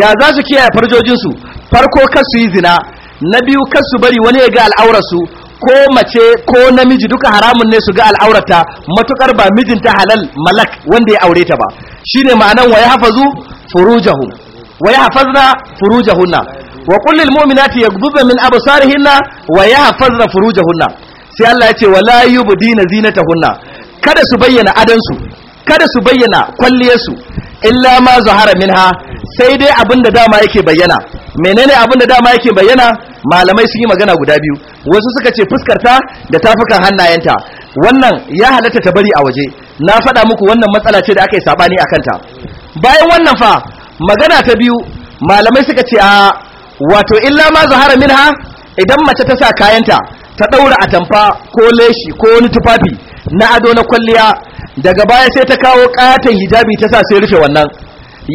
ya za su kiyaye farjojinsu farko kasu yi zina na biyu kasu bari wani ya ga al'aurarsu ko mace ko namiji duka haramun ne su ga al'aurata matukar ba mijinta halal malak wanda ya aure ta ba shine ma'anan wa ya yahfazu furujahum wa ya Furuja furujahunna wa kullum mominati ya yaghdhubna min abu hinna? wa ya furuja furujahunna sai Allah ya ce na zinata hunna. kada su bayyana adansu kada su bayyana kwalliyarsu illa ma zahara minha sai dai da dama yake bayyana menene da dama yake bayyana malamai sun yi magana guda biyu wasu suka ce fuskarta da tafukan hannayenta wannan ya halatta ta bari a waje na faɗa muku wannan matsala ce da aka yi sabani a kanta bayan wannan fa magana ta biyu malamai suka ce a wato illa ma zahara minha idan mace ta sa kayanta ta ɗaura atamfa ko leshi ko wani tufafi na ado na kwalliya daga baya sai ta kawo katon hijabi ta sa sai rufe wannan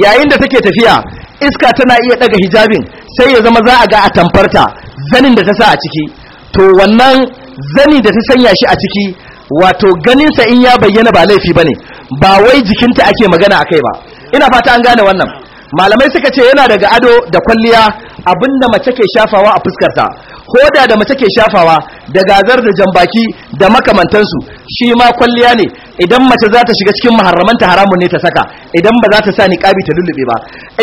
yayin da take tafiya iska tana iya daga hijabin sai ya zama za a ga a tamfarta zanin da ta sa a ciki to wannan zani da ta sanya shi a ciki wato ganinsa in ya bayyana ba laifi ba ne ba wai jikinta ake magana akai ba ina fata an gane wannan malamai suka ce yana daga ado da kwalliya abinda mace ke shafawa a fuskarta hoda da mace ke shafawa da gazar da jambaki da makamantansu shi ma kwalliya ne idan mace za ta shiga cikin maharramanta haramun ne ta saka idan ba za ta sa niqabi ta lullube ba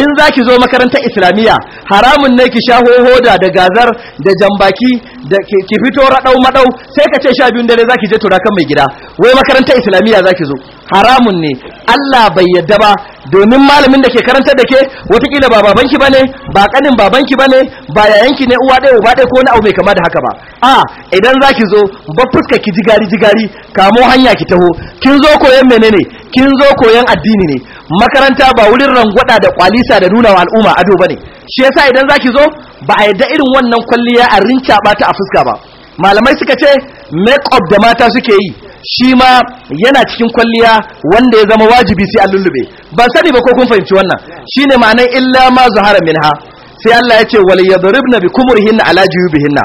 in za ki zo makarantar islamiyya haramun ne ki sha hoda da gazar da jambaki da ki fito radau madau sai ka ce sha biyun dare za ki je tura kan mai gida wai makarantar islamiyya za ki zo haramun ne Allah bai yadda ba domin malamin da ke karantar da ke watakila ba babanki ba ne, ba kanin babanki ba ne, ba yayanki ne uwa ɗaya uba ɗaya ko na abu mai kama da haka ba a idan za ki zo ba fuska ki jigari jigari kamo hanya ki taho kin zo koyon menene kin zo koyon addini ne makaranta ba wurin rangwada da kwalisa da nuna wa al'umma ado ba ne. shi yasa idan za ki zo ba a yadda irin wannan kwalliya a rinca ta a fuska ba malamai suka ce make up da mata suke yi shi ma yana cikin kwalliya wanda ya zama wajibi sai an lullube ban sani ba ko kun fahimci wannan shine ma'anar illa ma zuhara minha sai Allah ya ce wal yadribna bi kumurihinna ala jubihinna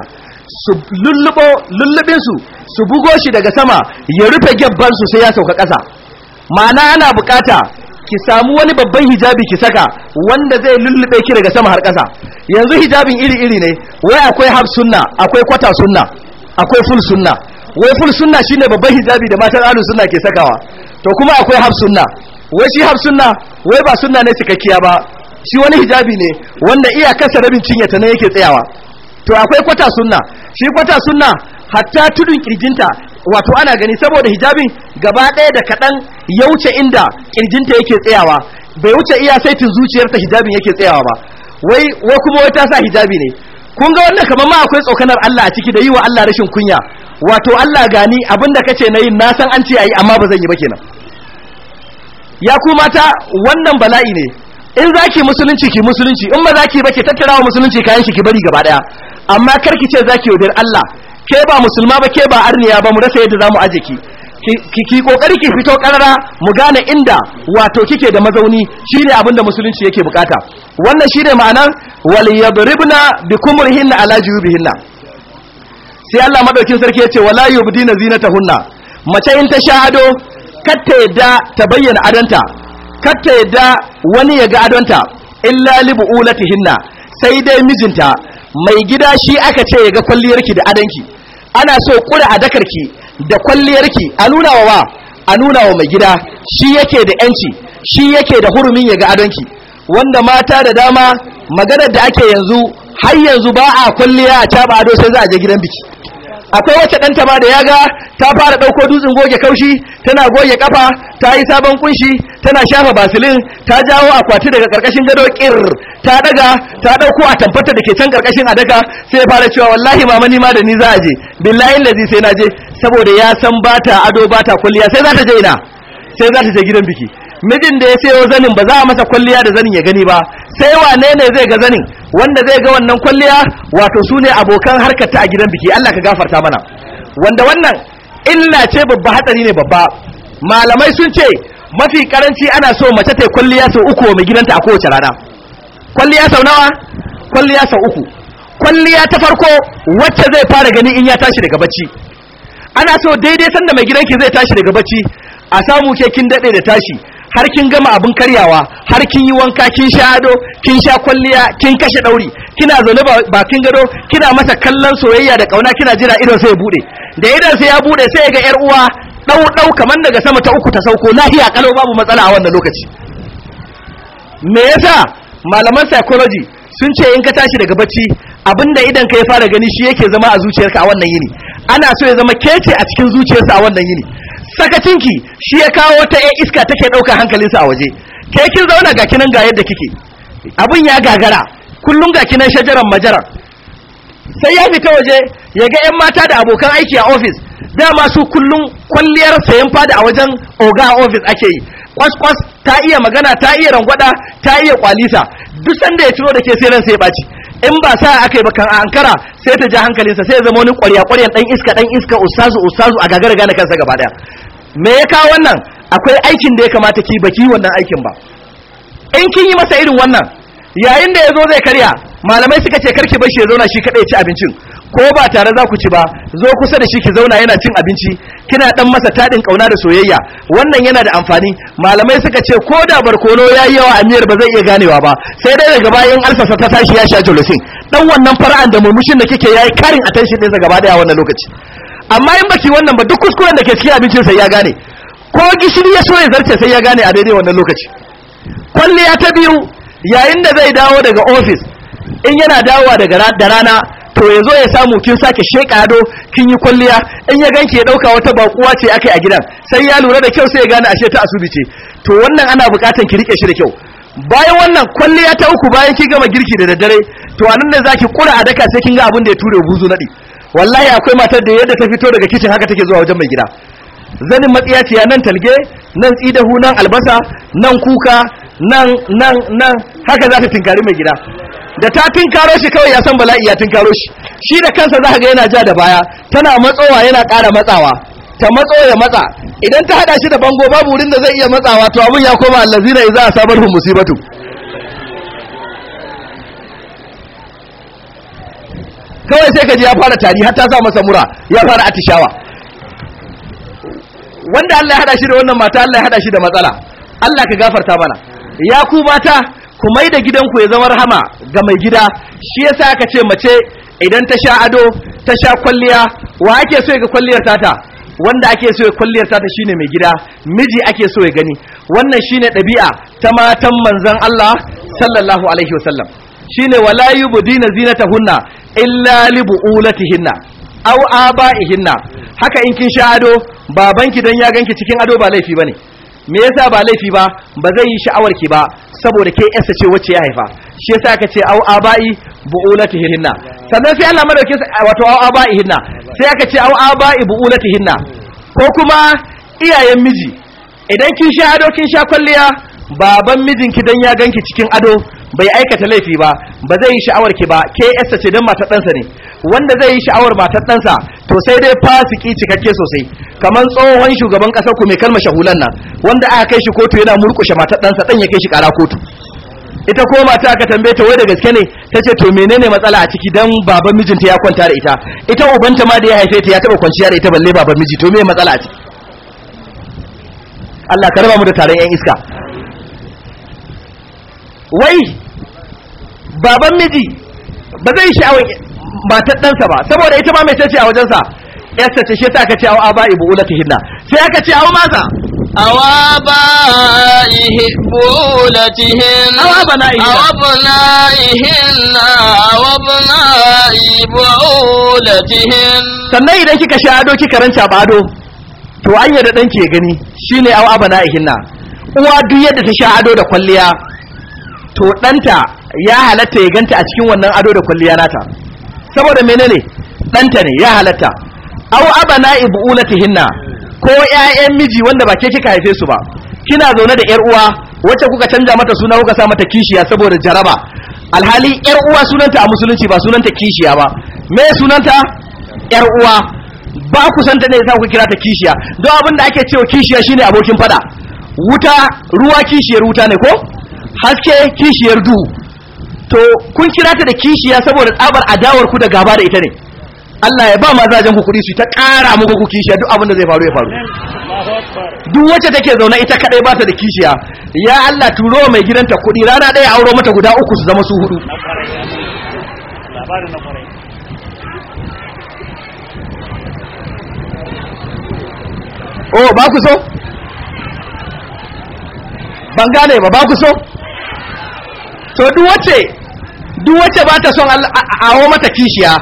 su lullubo lullubin su su bugo shi daga sama ya rufe gabban su sai ya sauka kasa ma'ana ana bukata ki samu wani babban hijabi ki saka wanda zai lullube ki daga sama har ƙasa yanzu hijabin iri-iri ne wai akwai haf sunna akwai kwata sunna akwai full sunna wai full sunna shine babban hijabi da matan alu sunna ke sakawa to kuma akwai haf sunna wai shi haf sunna wai ba sunna ne cikakkiya ba shi wani hijabi ne wanda iya kasa rabin cinye ta nan yake tsayawa to akwai kwata sunna shi kwata sunna hatta tudun kirjinta wato ana gani saboda hijabin gaba ɗaya da kaɗan ya wuce inda ƙirjinta yake tsayawa bai wuce iya saitin zuciyarta hijabin yake tsayawa ba wai wai kuma wai sa hijabi ne kun ga wannan kamar ma akwai tsokanar Allah a ciki da yi wa Allah rashin kunya wato Allah gani abinda kace na yi na san an ce ayi amma ba zan yi ba kenan ya ku mata wannan bala'i ne in zaki musulunci ki musulunci in ba zaki ba ki tattarawa musulunci kayan shi ki bari gaba daya amma kar ki ce zaki yaudar Allah ke ba musulma ba ke ba arniya ba mu rasa yadda zamu aje ki ki kokari ki fito karara mu gane inda wato kike da mazauni shine abin da musulunci yake bukata wannan shine ma'anan wal yadribna bi alhaji ala jubihinna sai Allah madaukin sarki yace wala yubdina zinatahunna mace in ta sha ado katta yadda ta bayyana adonta katta yadda wani ya ga adonta illa hinna sai dai mijinta mai gida shi aka ce ya ga kwalliyarki da adanki ana so kura a dakarki da kwalliyarki a nuna wa a nuna wa mai gida shi yake da yanci shi yake da hurumin ya ga adonki wanda mata da dama maganar da ake yanzu har yanzu ba a kwalliya a caba ado sai za a je gidan biki akwai wacce ɗanta ba da yaga, ta fara ɗauko dutsen goge kaushi tana goge kafa ta yi sabon kunshi tana shafa basilin ta jawo akwati daga ƙarƙashin gado kir ta daga ta ɗauko a tamfata da ke can ƙarƙashin a daga sai fara cewa wallahi mama ni ma da ni za a je billahi lazi sai na je saboda ya san bata ado bata kulliya sai za ta je ina sai za ta je gidan biki mijin da ya sayo zanin ba za a masa kwalliya da zanin ya gani ba sai wane ne zai ga zanin wanda zai ga wannan kwalliya wato su ne abokan harkar ta a gidan biki Allah ka gafarta mana wanda wannan illa ce babba hatsari ne babba malamai sun ce mafi karanci ana so mace ta kwalliya sau uku wa mai gidanta a kowace rana kwalliya sau nawa kwalliya sau uku kwalliya ta farko wacce zai fara gani in ya tashi daga bacci ana so daidai sanda mai gidanki zai tashi daga bacci a samu ke kin dade da tashi har kin gama abin karyawa har kin yi wanka kin sha ado kin sha kwalliya kin kashe dauri kina zaune ba kin gado kina masa kallon soyayya da kauna kina jira idan sai ya bude da idan sai ya bude sai ga yar uwa dau dau kaman daga sama ta uku ta sauko lafiya kalau babu matsala a wannan lokaci me yasa malaman psychology sun ce in ka tashi daga bacci abinda idan ka ya fara gani shi yake zama a zuciyarka a wannan yini ana so ya zama kece a cikin zuciyarsa a wannan yini sakacinki shi ya kawo wata yan iska take ɗaukar hankalinsa a waje ke kin zauna ga kinan ga yadda kike abin ya gagara kullum ga kinan shajaran majara sai ya fita waje ya ga yan mata da abokan aiki a ofis dama su kullum kwalliyar sayan fada a wajen oga a ofis ake yi kwas-kwas ta iya magana ta iya rangwada ta iya kwalisa duk sanda ya ciro da ke sai ran sai ɓaci in ba sa aka yi bakan a ankara sai ta ja hankalinsa sai ya zama wani kwarya kwaryan dan iska dan iska ustazu ustazu a gagara gane kansa gaba daya me ya kawo wannan akwai aikin da ya kamata ki baki wannan aikin ba in kin yi masa irin wannan yayin da ya zo zai karya malamai suka ce karki bai shi ya zauna shi kaɗai ci abincin ko ba tare za ku ci ba zo kusa da shi ki zauna yana cin abinci kina dan masa taɗin kauna da soyayya wannan yana da amfani malamai suka ce ko da barkono ya yi yawa a miyar ba zai iya ganewa ba sai dai daga bayan alfasa ta tashi ya sha jolosin dan wannan fara'an da murmushin da kike yayi karin attention ɗinsa gaba daya wannan lokaci amma in baki wannan ba duk kuskuren da ke cikin abincin sai ya gane ko gishiri ya so ya zarce sai ya gane a daidai wannan lokaci kwalliya ta biyu yayin da zai dawo daga ofis in yana dawowa daga da rana to ya zo ya samu kin sake sheka ado kin yi kwalliya in ya ganki ya dauka wata bakuwa ce akai a gidan sai ya lura da kyau sai ya gane ashe ta asubi ce to wannan ana bukatan ki rike shi da kyau bayan wannan kwalliya ta uku bayan ki gama girki da daddare to anan ne zaki kura a daka sai kin ga abin da ya ture buzu nadi wallahi akwai matar da yadda ta fito daga kicin haka take zuwa wajen mai gida zanin matsiya ciya nan talge nan tsidahu nan albasa nan kuka nan nan nan haka za ta tinkari mai gida da ta tinkaro shi kawai ya san bala'i ya tinkaro shi shi da kansa za ga yana ja da baya tana matsowa yana ƙara matsawa ta matso ya matsa idan ta hada shi da bango babu wurin da zai iya matsawa to abun ya koma allazina idza asabahu musibatu kawai sai kaji ya fara tari har ta sa masa mura ya fara atishawa wanda Allah ya hada shi da wannan mata Allah ya hada shi da matsala Allah ka gafarta mana ya ku mata ku mai da gidanku ya zama rahama ga mai gida shi yasa aka ce mace idan ta sha ado ta sha kwalliya wa ake so ga kwalliyar tata wanda ake so ya kwalliyar tata shine mai gida miji ake so ya gani wannan shine ɗabi'a ta matan manzon Allah sallallahu alaihi wasallam shine wala yubdina zinatahunna illa li bu'ulatihinna aw aba'ihinna haka in kin sha ado babanki dan ya ganki cikin ado ba laifi bane me yasa ba laifi ba ba zai yi sha'awar ki ba saboda ke yasa ce wacce ya haifa shi yasa aka ce au abai bu'ulatihinna sannan sai Allah madauke wato au abaihinna sai aka ce au abai bu'ulatihinna ko kuma iyayen miji idan kin sha ado kin sha kwalliya baban mijinki dan ya ganki cikin ado bai aikata laifi ba ba zai yi sha'awar ki ba ke yasta ce dan matar ɗansa ne wanda zai yi sha'awar matar ɗansa to sai dai fasiki cikakke sosai kamar tsohon shugaban ƙasar ku mai kalma shahulan nan wanda aka kai shi kotu yana murƙushe matar ɗansa ɗan ya kai shi ƙara kotu ita ko mata aka tambaye ta wai da gaske ne ta ce to menene matsala a ciki dan baban mijinta ya kwanta da ita ita ubanta ma da ya haife ta ya taba kwanciya da ita balle baban miji to me matsala a ciki Allah ka raba mu da taron yan iska wai baban miji ba zai sha'awar matar ɗansa ba saboda ita ma mai ce a wajensa yasta ce shi ta aka ce awa ba ibu ulati hinna sai aka ce awa maza awa ba ihi bulati hinna awa ba ihinna awa bana ihinna awa bana ibu ulati hinna sannan idan kika sha ado kika ranta ba ado to an yadda danki ya gani shine awa bana ihinna uwa duk yadda ta sha ado da kwalliya to ɗanta ya halatta ya ganta a cikin wannan ado da kwalliya nata saboda menene ɗanta ne ya halatta au abana ibulatihinna ko ƴaƴan miji wanda ba ke kika haife su ba kina zaune da ƴar uwa wacce kuka canja mata suna kuka sa mata kishiya saboda jaraba alhali ƴar uwa sunanta a musulunci ba sunanta kishiya ba me sunanta ƴar uwa ba ku santa ne yasa ku kira ta kishiya don abin da ake cewa kishiya shine abokin fada wuta ruwa kishiyar wuta ne ko haske kishiyar duhu to kun kira ta da kishiya saboda tsabar adawar ku da gaba da ita ne Allah ya ba mazajen ku kuɗi su ta ƙara muku ku kishiya duk abin da zai faru ya faru duk wacce take zaune ita kadai ba ta da kishiya ya Allah turo mai gidanta kuɗi rana ɗaya auro mata guda uku su zama su hudu oh ba ku so ban gane ba ba ku so to duk wace duk wace ba ta son awo mata kishiya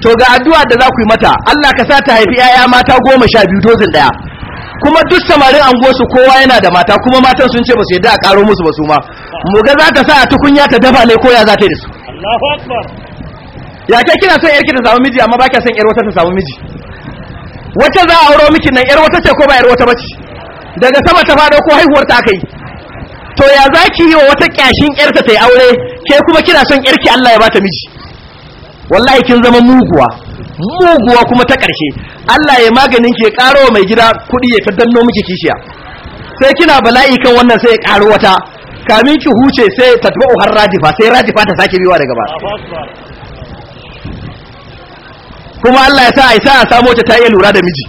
to ga addu'a da za ku yi mata Allah ka sa ta haifi 'ya'ya mata goma sha biyu dozin daya, kuma duk samarin anguwarsu kowa yana da mata kuma matan sun ce ba su yadda a karo musu ba su ma mu ga za ta sa a tukunya ta dafa ne koya za ta yi da su Allahu akbar ya kai kina son yarki ta samu miji amma ba kya son yar wata ta samu miji wacce za a auro miki nan yar wata ce ko ba yar wata ba ce, daga sama ta fado ko haihuwar ta kai to ya za ki yi wa wata kyashin yarta ta yi aure ke kuma kina son yarki Allah ya ba ta miji wallahi kin zama muguwa muguwa kuma ta ƙarshe Allah ya maganin ke ƙaro mai gida kuɗi ya fadar nomi miki kishiya sai kina bala'i kan wannan sai ya ƙaro wata kamin ki huce sai ta tabu har radifa sai radifa ta sake biwa daga ba kuma Allah ya sa a sa, a samu wata ta iya lura da miji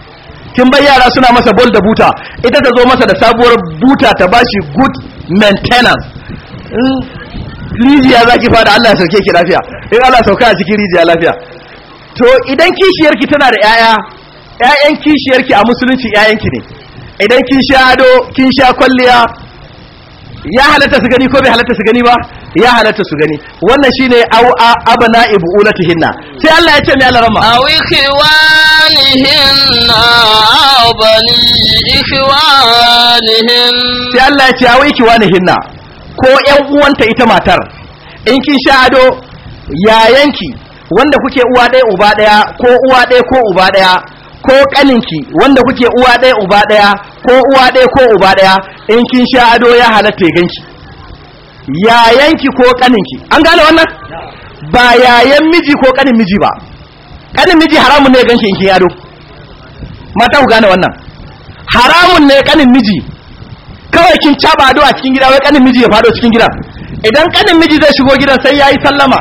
kin bai yara suna masa bol da buta ita ta zo masa da sabuwar buta ta bashi good maintenance rijiya za ki fada Allah ya sauke ki lafiya in Allah sauka a cikin rijiya lafiya to idan kishiyarki tana da 'ya'ya 'ya'yan kishiyarki a musulunci 'ya'yanki ne idan kin sha ado kin sha kwalliya ya halatta su gani ko bai halatta su gani ba ya halatta su gani wannan shine au abana hinna. sai Allah ya ce mai alarama aw ikhwanihinna aw bani ikhwanihin sai Allah ya ce aw hinna ko ƴan uwanta ita matar in kin sha ado yayanki wanda kuke uwa ɗaya uba ɗaya ko uwa ɗaya ko uba ɗaya ko kaninki wanda kuke uwa ɗaya uba ɗaya ko uwa ɗaya ko uba ɗaya in kin sha ado ya halatta ganki yayanki ko kaninki an gane wannan ba yayan miji ko kanin miji ba kanin miji haramun ne ganki in kin ado mata ku gane wannan haramun ne kanin miji kawai kin caba ado a cikin gida wai kanin miji ya fado cikin gidan idan kanin miji zai shigo gidan sai yayi sallama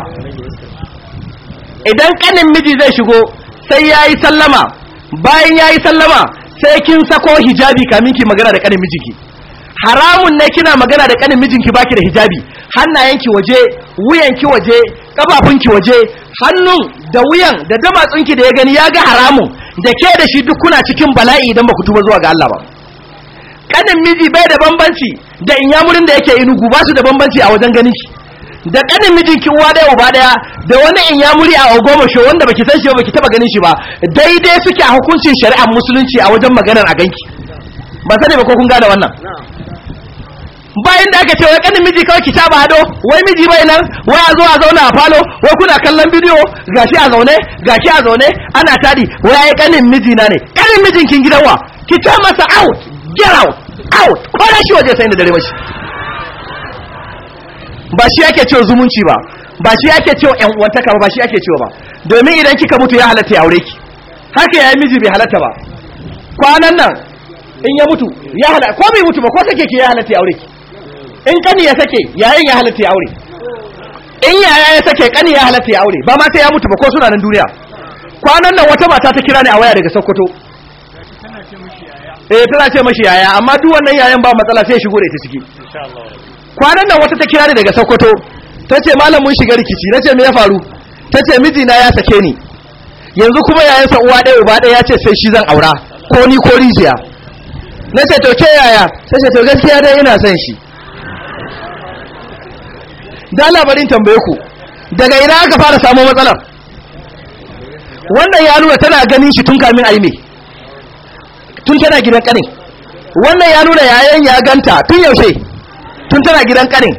idan kanin miji zai shigo sai yayi sallama bayan ya yi sallama sai kin sako hijabi kamin ki magana da kanin mijinki haramun ne kina magana da kanin mijinki baki da hijabi hannayenki waje wuyanki waje kafafunki waje hannun da wuyan da damatsunki da ya gani ya ga haramun da ke da shi duk kuna cikin bala'i idan ba ku tuba zuwa ga Allah ba kanin miji bai da bambanci da inyamurin da yake inugu ba su da bambanci a wajen ganin shi da kanin ki uwa daya uba daya da wani in ya muri a goma sho wanda baki san shi ba baki taba ganin shi ba daidai suke a hukuncin shari'ar musulunci a wajen maganar a ganki ba sani ba ko kun gane wannan bayan da aka ce wai kanin miji kawai ki saba hado wai miji bai nan wai a zo a zauna a falo wai kuna kallon bidiyo gashi a zaune gashi a zaune ana tadi wai ai kanin miji na ne kanin mijin kin gidan wa ki ta masa out get out out ko da shi waje sai da dare mashi ba shi yake cewa zumunci ba ba shi yake cewa ƴan uwantaka ba ba shi yake cewa ba domin idan kika mutu ya halatta ya aure ki haka yayi miji bai halatta ba kwanan nan in ya mutu ya halatta ko bai mutu ba ko sake ki ya halatta ya aure ki in kani ya sake yayin ya halatta ya aure in yaya ya sake kani ya halatta ya aure ba ma sai ya mutu ba ko suna nan duniya kwanan nan wata mata ta kira ni a waya daga Sokoto eh tana ce mishi yaya amma duk wannan yayan ba matsala sai shigo da ita ciki kwanan nan wata ta kira ni daga sokoto ta ce malam mun shiga rikici na ce me ya faru ta ce mijina ya sake ni yanzu kuma sa uwa ɗaya uba ɗaya ya ce sai shi zan aura ko ni ko rijiya na ce to ke yaya sai ce to gaskiya dai ina son shi da labarin tambaye ku daga ina aka fara samu matsalar wannan ya nuna tana ganin shi tun kamin aime tun tana gidan kane wannan ya nuna yayan ya ganta tun yaushe tun tana gidan karin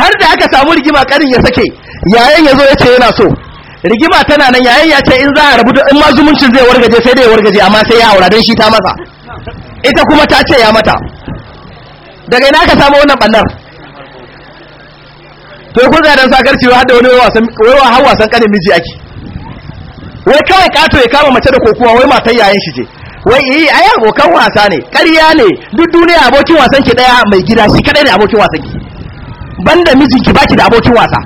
har da aka samu rigima karin ya sake yayin ya zo ya ce yana so rigima tana nan yayin ya ce in za a rabu in ma zumuncin zai wargaje sai dai ya wargaje amma sai ya aura don shi ta masa ita kuma ta ce ya mata daga ina aka samu wannan bannar to kun ga dan sakar ciwa har da wani wasan wai har wasan kanin miji ake wai kawai kato ya kama mace da kokuwa wai matan yayin shi ce wai eh ai abokan wasa ne ƙarya ne duk duniya abokin wasan ki daya mai gida shi kadai ne abokin wasan ki banda miji ki baki da abokin wasa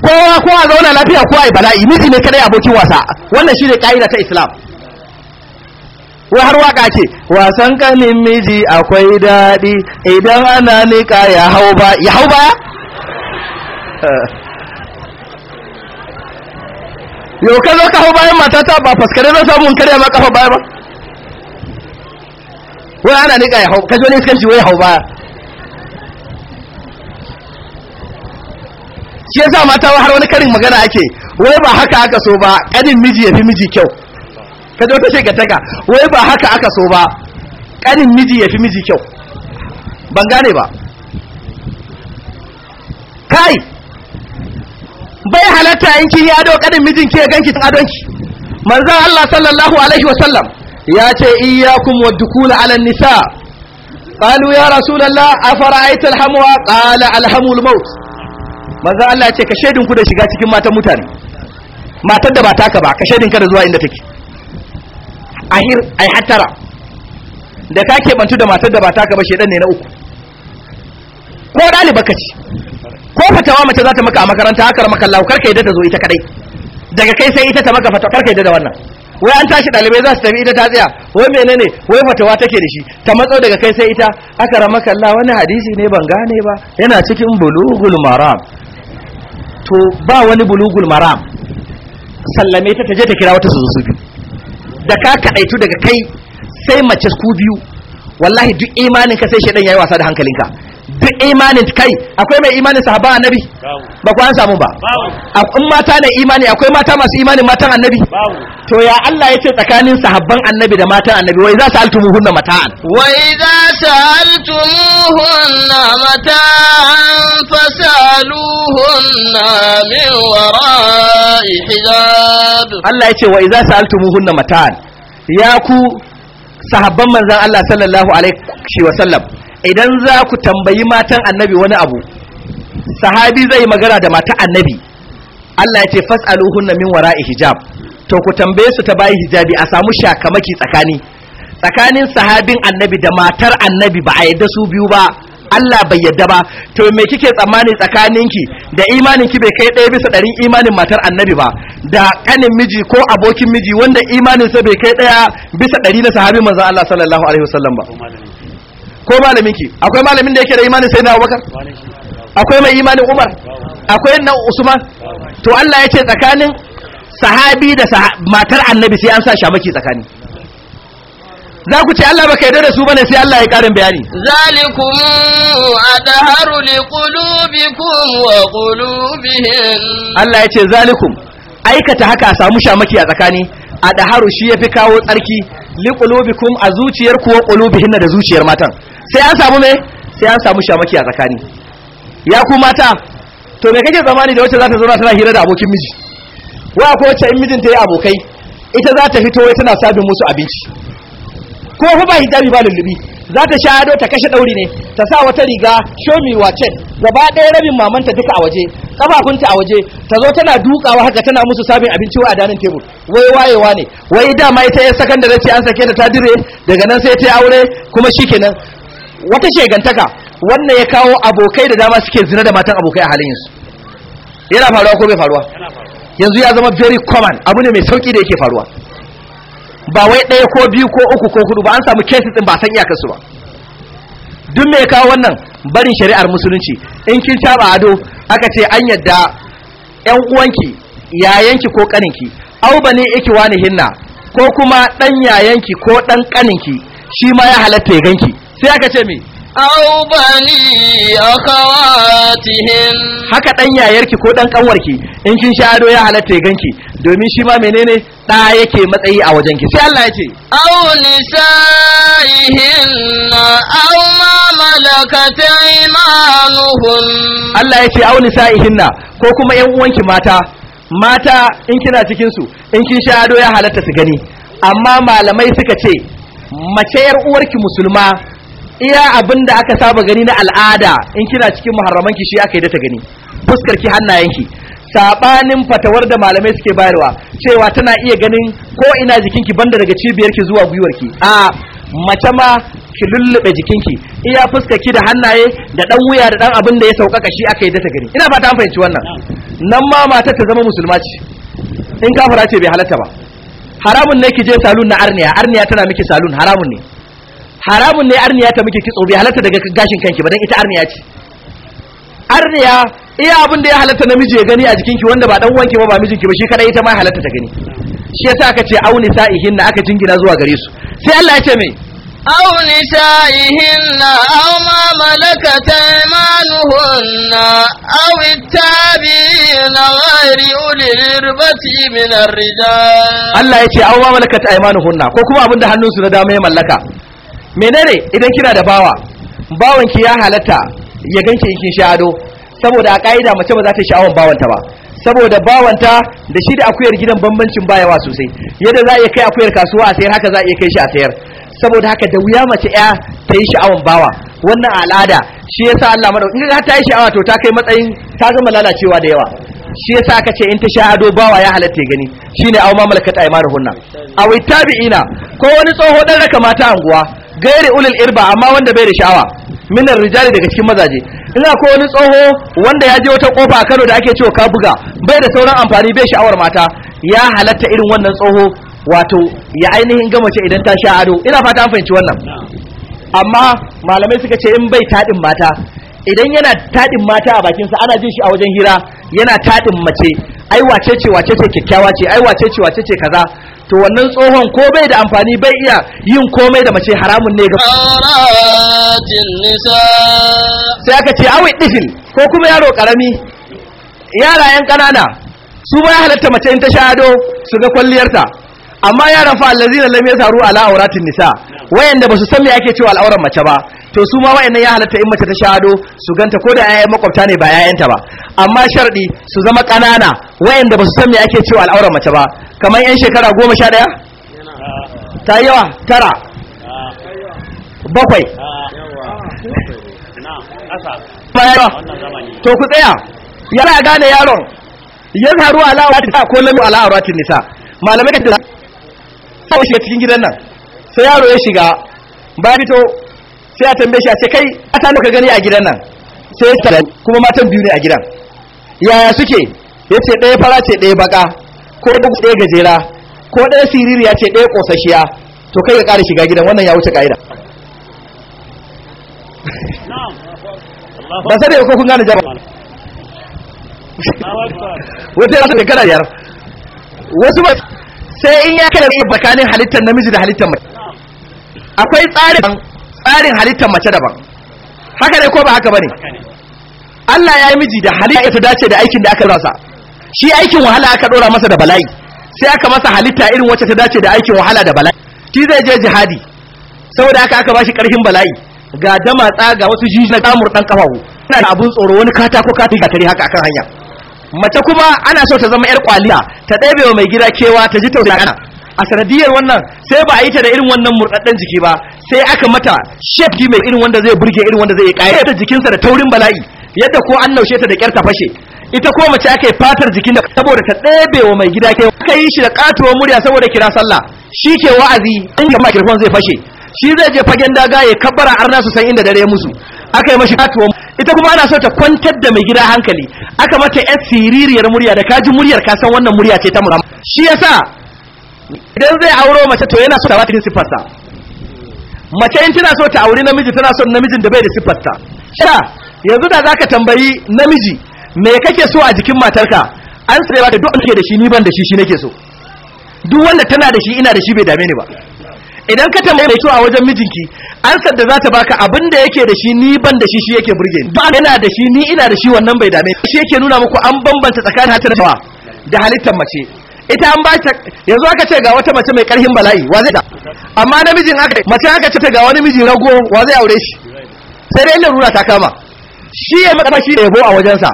kowa kowa zauna lafiya kowa ai bala'i miji ne kadai abokin wasa wannan shine kaida ta islam wai har waka ce wasan kanin miji akwai daɗi idan ana nika ya hau ba ya hau ba yau ka zo ka hau bayan matata ba faskare na samun kare ma kafa baya ba wai ana nika ya hau kaji wani iskanci wai hau baya shi yasa mata har wani karin magana ake wai ba haka aka so ba kanin miji ya fi miji kyau kaji wata taka, wai ba haka aka so ba kanin miji ya fi miji kyau ban gane ba kai bai halatta yanki ya ado kanin mijin ke ganki tun adonki manzan Allah sallallahu alaihi wasallam ya ce iyyakum wadkhul ala nisa qalu ya rasulullah fara'aitar alhamwa qala alhamul maut Maza Allah ya ce ka shedin ku da shiga cikin matan mutane matar da ba taka ba ka shedin ka da zuwa inda take ahir ai hattara da ka bantu da matar da ba taka ba shedan ne na uku ko ɗaliba ka ci ko fatawa mace za ta maka a makaranta haka maka Allah yi da ta zo ita kadai daga kai sai ita ta maka fatawa karka yi da wannan wai an tashi dalibai za su tafi ita ta tsaya wai menene wai fatawa take da shi ta matso daga kai sai ita aka rama kalla wani hadisi ne ban gane ba yana cikin bulugul maram to ba wani bulugul maram sallame ta taje ta kira wata su su biyu da ka kadaitu daga kai sai mace ku biyu wallahi duk imanin ka sai shedan yayi wasa da hankalinka duk imanin kai akwai mai imanin sahaba annabi ba ku an samu ba in mata ne imani akwai mata masu imanin matan annabi to ya Allah yace tsakanin sahabban annabi da matan annabi wai za su altumuhunna mata'an wai za su altumuhunna mata'an fasaluhunna min wara'i hijab Allah yace wai za su altumuhunna mata'an ya ku sahabban manzon Allah sallallahu alaihi wa sallam idan za ku tambayi matan annabi wani abu sahabi zai magana da mata annabi Allah ya ce fas'aluhunna min wara'i hijab to ku tambaye su ta bayi hijabi a samu shakamaki tsakani tsakanin sahabin annabi da matar annabi ba a yadda su biyu ba Allah bai yadda ba to me kike tsammani tsakaninki da imaninki bai kai ɗaya bisa ɗarin imanin matar annabi ba da kanin miji ko abokin miji wanda imaninsa bai kai ɗaya bisa ɗari na sahabin manzon Allah sallallahu alaihi wasallam ba ko malamin ki akwai malamin da yake da imanin sai na abubakar akwai mai imanin umar akwai na usman to allah ya ce tsakanin sahabi da matar annabi sai an sa shamaki tsakani za ku ce Allah baka yarda da su bane sai Allah ya karin bayani zalikum adharu liqulubikum wa qulubihim Allah ya ce zalikum aikata haka a samu shamaki a tsakani a daharu shi ya fi kawo tsarki li a zuciyar kuwa wa da zuciyar matan sai an samu me sai an samu shamaki a tsakani ya ku mata to me kake zamani da wacce za ta zauna tana hira da abokin miji wa ko wacce in mijinta ya abokai ita za ta fito wai tana sabin musu abinci ko fa ba hijabi ba lullubi za ta sha ado ta kashe dauri ne ta sa wata riga show me wacce gaba ɗaya rabin mamanta duka a waje kafafunta a waje ta zo tana dukawa haka tana musu sabin abinci wa a danin tebur wai wayewa ne wai dama ita ya sakan da ce an sake ta dire daga nan sai ta yi aure kuma shikenan wata shegantaka wannan ya kawo abokai da dama suke zina da matan abokai a halin yanzu yana faruwa ko bai faruwa yanzu ya zama very common abu ne mai sauki da yake faruwa ba wai ɗaya ko biyu ko uku ko hudu ba an samu cases ɗin ba san iyakarsu ba duk mai kawo wannan barin shari'ar musulunci in kin taba ado aka ce an yadda ƴan uwanki yayanki ko ƙaninki au bani wani hinna ko kuma ɗan yayanki ko ɗan ƙaninki shi ma ya halatta ya ganki sai aka ce me aw bani akhawatihim haka ɗan yayarki ko ɗan kanwarki in kin sha ado ya halatta ya ganki domin shi ma menene da yake matsayi a wajenki sai Allah ya ce aw nisaihin aw ma malakat aymanuhum Allah ya ce aw nisaihin ko kuma yan uwanki mata mata in kina cikin su in kin sha ado ya halatta su gani amma malamai suka ce mace yar uwarki musulma iya abin da aka saba gani na al'ada in kina cikin muharraman ki shi aka yi da ta gani fuskar ki hannayen ki sabanin fatawar da malamai suke bayarwa cewa tana iya ganin ko ina jikinki banda daga cibiyarki zuwa gwiwar ki a mace ma ki lullube jikinki iya fuskar ki da hannaye da dan wuya da dan abin da ya sauƙaƙa shi aka yi da ta gani ina fata an fahimci wannan nan ma mata ta zama musulma ce in kafara ce bai halatta ba haramun ne ki je salon na arniya arniya tana miki salon haramun ne haramun ne arniya ta muke kitso bai halatta daga gashin kanki ba dan ita arniya ce arniya iya abin da ya halatta namiji ya gani a jikinki wanda ba dan uwanki ba ba mijinki ba shi kada ita ma halatta ta gani shi yasa aka ce auni sa'ihinna aka jingina zuwa gare su sai Allah ya ce mai أو نسائهن أو ما ملكت أيمانهن أو التابعين غير أولي الإربة من الرجال الله يتي أو ما ملكت أيمانهن كوكو hannunsu na dama ya mallaka. menene idan kina da bawa bawan ki ya halatta ya ganke kin sha ado saboda a ka'ida mace ba za ta sha'awar bawanta ba saboda bawanta da shi da akuyar gidan bambancin bayawa sosai yadda za a iya kai akuyar kasuwa a sayar haka za a iya kai shi a sayar saboda haka da wuya mace ya ta yi sha'awar bawa wannan al'ada shi yasa Allah madau in ta yi sha'awa to ta kai matsayin ta zama lalacewa da yawa shi yasa aka ce in ta sha ado bawa ya halatta gani shine aw ma malakat hunna aw ittabi'ina ko wani tsoho dan raka mata anguwa gairi ulul irba amma wanda bai da sha'awa minar rijali daga cikin mazaje ina ko wani tsoho wanda ya je wata kofa a Kano da ake cewa ka buga bai da sauran amfani bai sha'awar mata ya halatta irin wannan tsoho wato ya ainihin gama ce idan ta sha ado ina fata an fahimci wannan amma malamai suka ce in bai taɗin mata idan yana taɗin mata a bakinsa ana jin shi a wajen hira yana taɗin mace ai wace ce wace ce kyakkyawa ce ai wace ce wace ce kaza to wannan tsohon ko bai da amfani bai iya yin komai da mace haramun ne ga sai aka ce awai difin ko kuma yaro karami yara yan kanana su ba halatta mace in ta sha ado su ga kwalliyarta amma yaran fa allazina lam yasaru ala auratin nisa wayanda basu san me ake cewa al'auran mace ba to su ma wa'annan ya halatta in mace ta shahado su ganta ko da yayan makwabta ne ba yayanta ba amma sharɗi su zama ƙanana wa'anda ba su san me ake cewa al'auran mace ba kamar yan shekara goma sha ɗaya ta yawa tara bakwai to ku tsaya yana gane yaron ya zaru ala ta ko lamu ala auratin nisa malamai da ta shiga cikin gidan nan sai yaro ya shiga ba fito sai a tambaye shi a ce kai a ta maka gani a gidan nan sai ya kuma matan biyu ne a gidan yaya suke ya ce ɗaya fara ce ɗaya baka ko ɗaya gajera ko ɗaya siriri ya ce ɗaya ƙosashiya to kai ya ƙara shiga gidan wannan ya wuce ƙa'ida ba sai da ko kun gane jama'a wata yana da kana yar wasu ba sai in ya kana tsakanin halittar namiji da halittar mai akwai tsarin tsarin halittar mace daban haka ne ko ba haka bane Allah ya yi miji da halitta ta dace da aikin da aka rasa shi aikin wahala aka dora masa da bala'i sai aka masa halitta irin wacce ta dace da aikin wahala da bala'i shi zai je jihadi saboda haka aka bashi karfin bala'i ga tsa ga wasu jiji na tsamur dan kafawo yana da abun tsoro wani katako katako tare haka akan hanya mace kuma ana so ta zama yar kwaliya ta ɗebe wa mai gida kewa ta ji tausayi a sanadiyar wannan sai ba a yi ta da irin wannan murɗaɗɗen jiki ba sai aka mata shafi mai irin wanda zai burge irin wanda zai yi ƙayar da jikinsa da taurin bala'i yadda ko an naushe ta da ƙyar ta fashe ita ko mace aka yi fatar jikin da saboda ta ɗebe wa mai gida kai aka yi shi da katuwar murya saboda kira sallah shi ke wa'azi in ga makirfon zai fashe shi zai je fagen daga ya kabbara arna su san inda dare musu aka yi mashi katuwar ita kuma ana so ta kwantar da mai gida hankali aka mata yan siririyar murya da kaji muryar ka san wannan murya ce ta murama shi yasa idan zai auro mace to yana so ta wata siffarsa mace in tana so ta auri namiji tana so namijin da bai da siffarsa sha yanzu da zaka tambayi namiji me kake so a jikin matarka an sai ba da duk da shi ni ban da shi shi nake so duk wanda tana da shi ina da shi bai dame ni ba idan ka tambaye mai a wajen mijinki ansar da za ta baka abin da yake da shi ni ban da shi shi yake burge ni yana da shi ni ina da shi wannan bai dame shi yake nuna muku an bambanta tsakanin hatar da halittar mace ita an ba ta yanzu aka ce ga wata mace mai karhin bala'i wa zai ta amma namijin aka mace aka ce ga wani miji rago wa zai aure shi sai dai inda rura ta kama shi ya maka shi da yabo a wajensa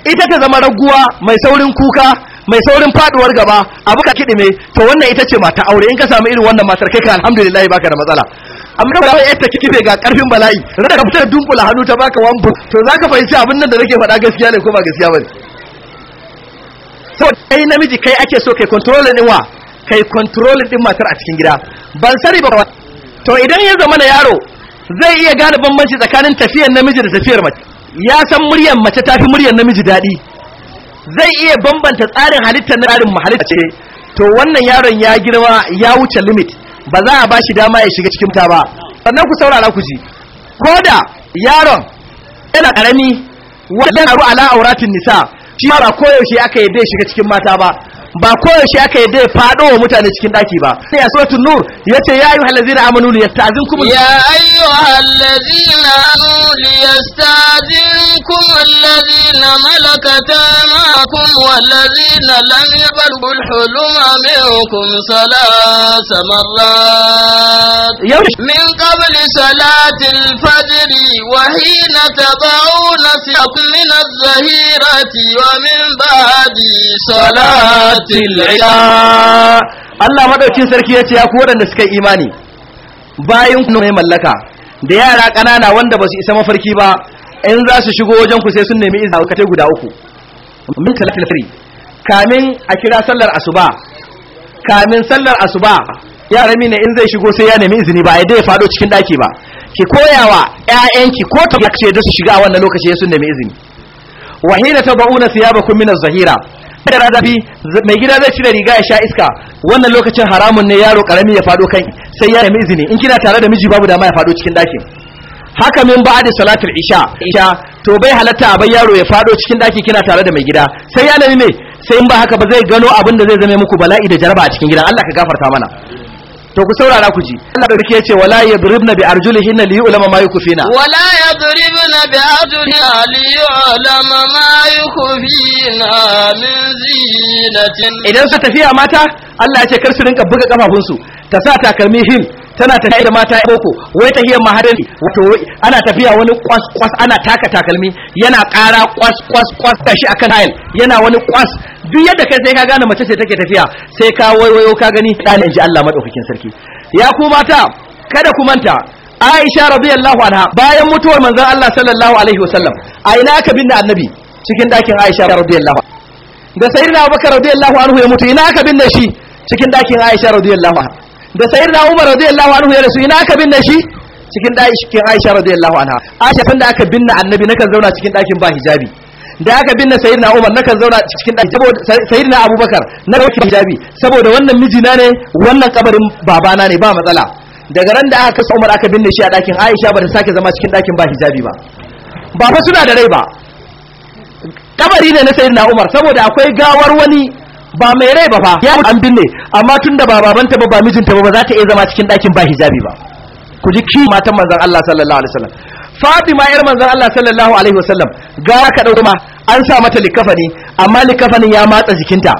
ita ta zama raguwa mai saurin kuka mai saurin faduwar gaba abu ka mai to wannan ita ce mata aure in ka samu irin wannan matar kai ka alhamdulillah baka da matsala amma da yadda kike ga karfin bala'i rada ka fitar dunkula hannu ta baka wambu to zaka fahimci abin nan da nake faɗa gaskiya ne ko ba gaskiya bane so kai namiji kai ake so kai control din wa kai control din matar a cikin gida ban sani ba to idan ya zama na yaro zai iya gane bambanci tsakanin tafiyar namiji da tafiyar mace ya san muryar mace tafi muryar namiji daɗi zai iya bambanta tsarin halittar tsarin mahalitta ce to wannan yaron ya girma ya wuce limit ba za a ba shi dama ya shiga cikin ta ba sannan ku saurara ku ji koda yaron yana karami wannan aru ala auratin nisa shi ba koyaushe aka yadda shiga cikin mata ba ba koyaushe aka yadda ya fado wa mutane cikin daki ba sai a suratul nur yace ya ayyuhal ladzina amanu liyasta'zinkum ya ayyuhal ladzina amanu liyasta'zinkum alladhina malakat aymanukum walladhina lam yablughu al-huluma minkum salasa marrat min qabl salati al-fajr wa hina tad'una fi min adh-dhahirati wa min ba'di salat allah maɗaukin Sarki madaukin sarki yace ya ku wadanda suka imani bayin ku ne mallaka da yara kanana wanda basu isa mafarki ba in za su shigo wajen ku sai sun nemi izini ta guda uku min talatil fari kamin a kira sallar asuba kamin sallar asuba yara mina in zai shigo sai ya nemi izini ba ya dai fado cikin daki ba ki koyawa ƴaƴanki ko ta ce da su shiga wannan lokaci sun nemi izini wahina tabauna thiyabakum min az-zahira da zafi. mai gida zai cire riga ya sha iska wannan lokacin haramun ne yaro karami ya fado kan sai ya nemi izini in kina tare da miji babu dama ya fado cikin dakin haka min ba da salatul isha isha to bai halatta a bai yaro ya fado cikin daki kina tare da mai gida sai ya nemi sai in ba haka ba zai gano abin da zai zame muku bala'i da jaraba a cikin gidan Allah ka gafarta mana to ku saurara ku ji Allah barke yace wala yadribna bi arjulihinna li yu'lama ma yukfina wala yadribna bi arjulihinna li yu'lama ma yukfina min zinatin idan su tafiya mata Allah yace kar su rinka buga kafafun su ta sa takalmi hil tana tafiya da mata boko wai tahiyar mahadari wato ana tafiya wani kwas kwas ana taka takalmi yana ƙara kwas kwas kwas tashi akan tile yana wani kwas duk yadda kai sai ka gane mace ce take tafiya sai ka waiwayo ka gani dalin ji Allah madaukakin sarki ya ku mata kada ku manta Aisha radiyallahu anha bayan mutuwar manzon Allah sallallahu alaihi wasallam a ina aka binne annabi cikin dakin Aisha radiyallahu da sayyidina Abubakar radiyallahu anhu ya mutu ina aka binne shi cikin dakin Aisha radiyallahu anha da da Umar radiyallahu anhu ya rasu ina aka binne shi cikin cikin Aisha radiyallahu anha Aisha da aka binne annabi nakan zauna cikin ɗakin ba hijabi da aka binne sayyidina Umar nakan zauna cikin ɗakin saboda sayyidina Abubakar na dauki hijabi saboda wannan mijina ne wannan kabarin babana ne ba matsala daga ran da aka kasa Umar aka binne shi a ɗakin Aisha ba ta sake zama cikin ɗakin ba hijabi ba ba fa suna da rai ba kabari ne na sayyidina Umar saboda akwai gawar wani ba mai rai ba fa ya an binne amma tunda ba babanta ba ba mijinta ba ba za ta iya zama cikin ɗakin ba hijabi ba ku ji ki matan manzon Allah sallallahu alaihi wasallam Fatima yar manzon Allah sallallahu alaihi wasallam ga ka dauko ma an sa mata likafani amma likafanin ya matsa jikinta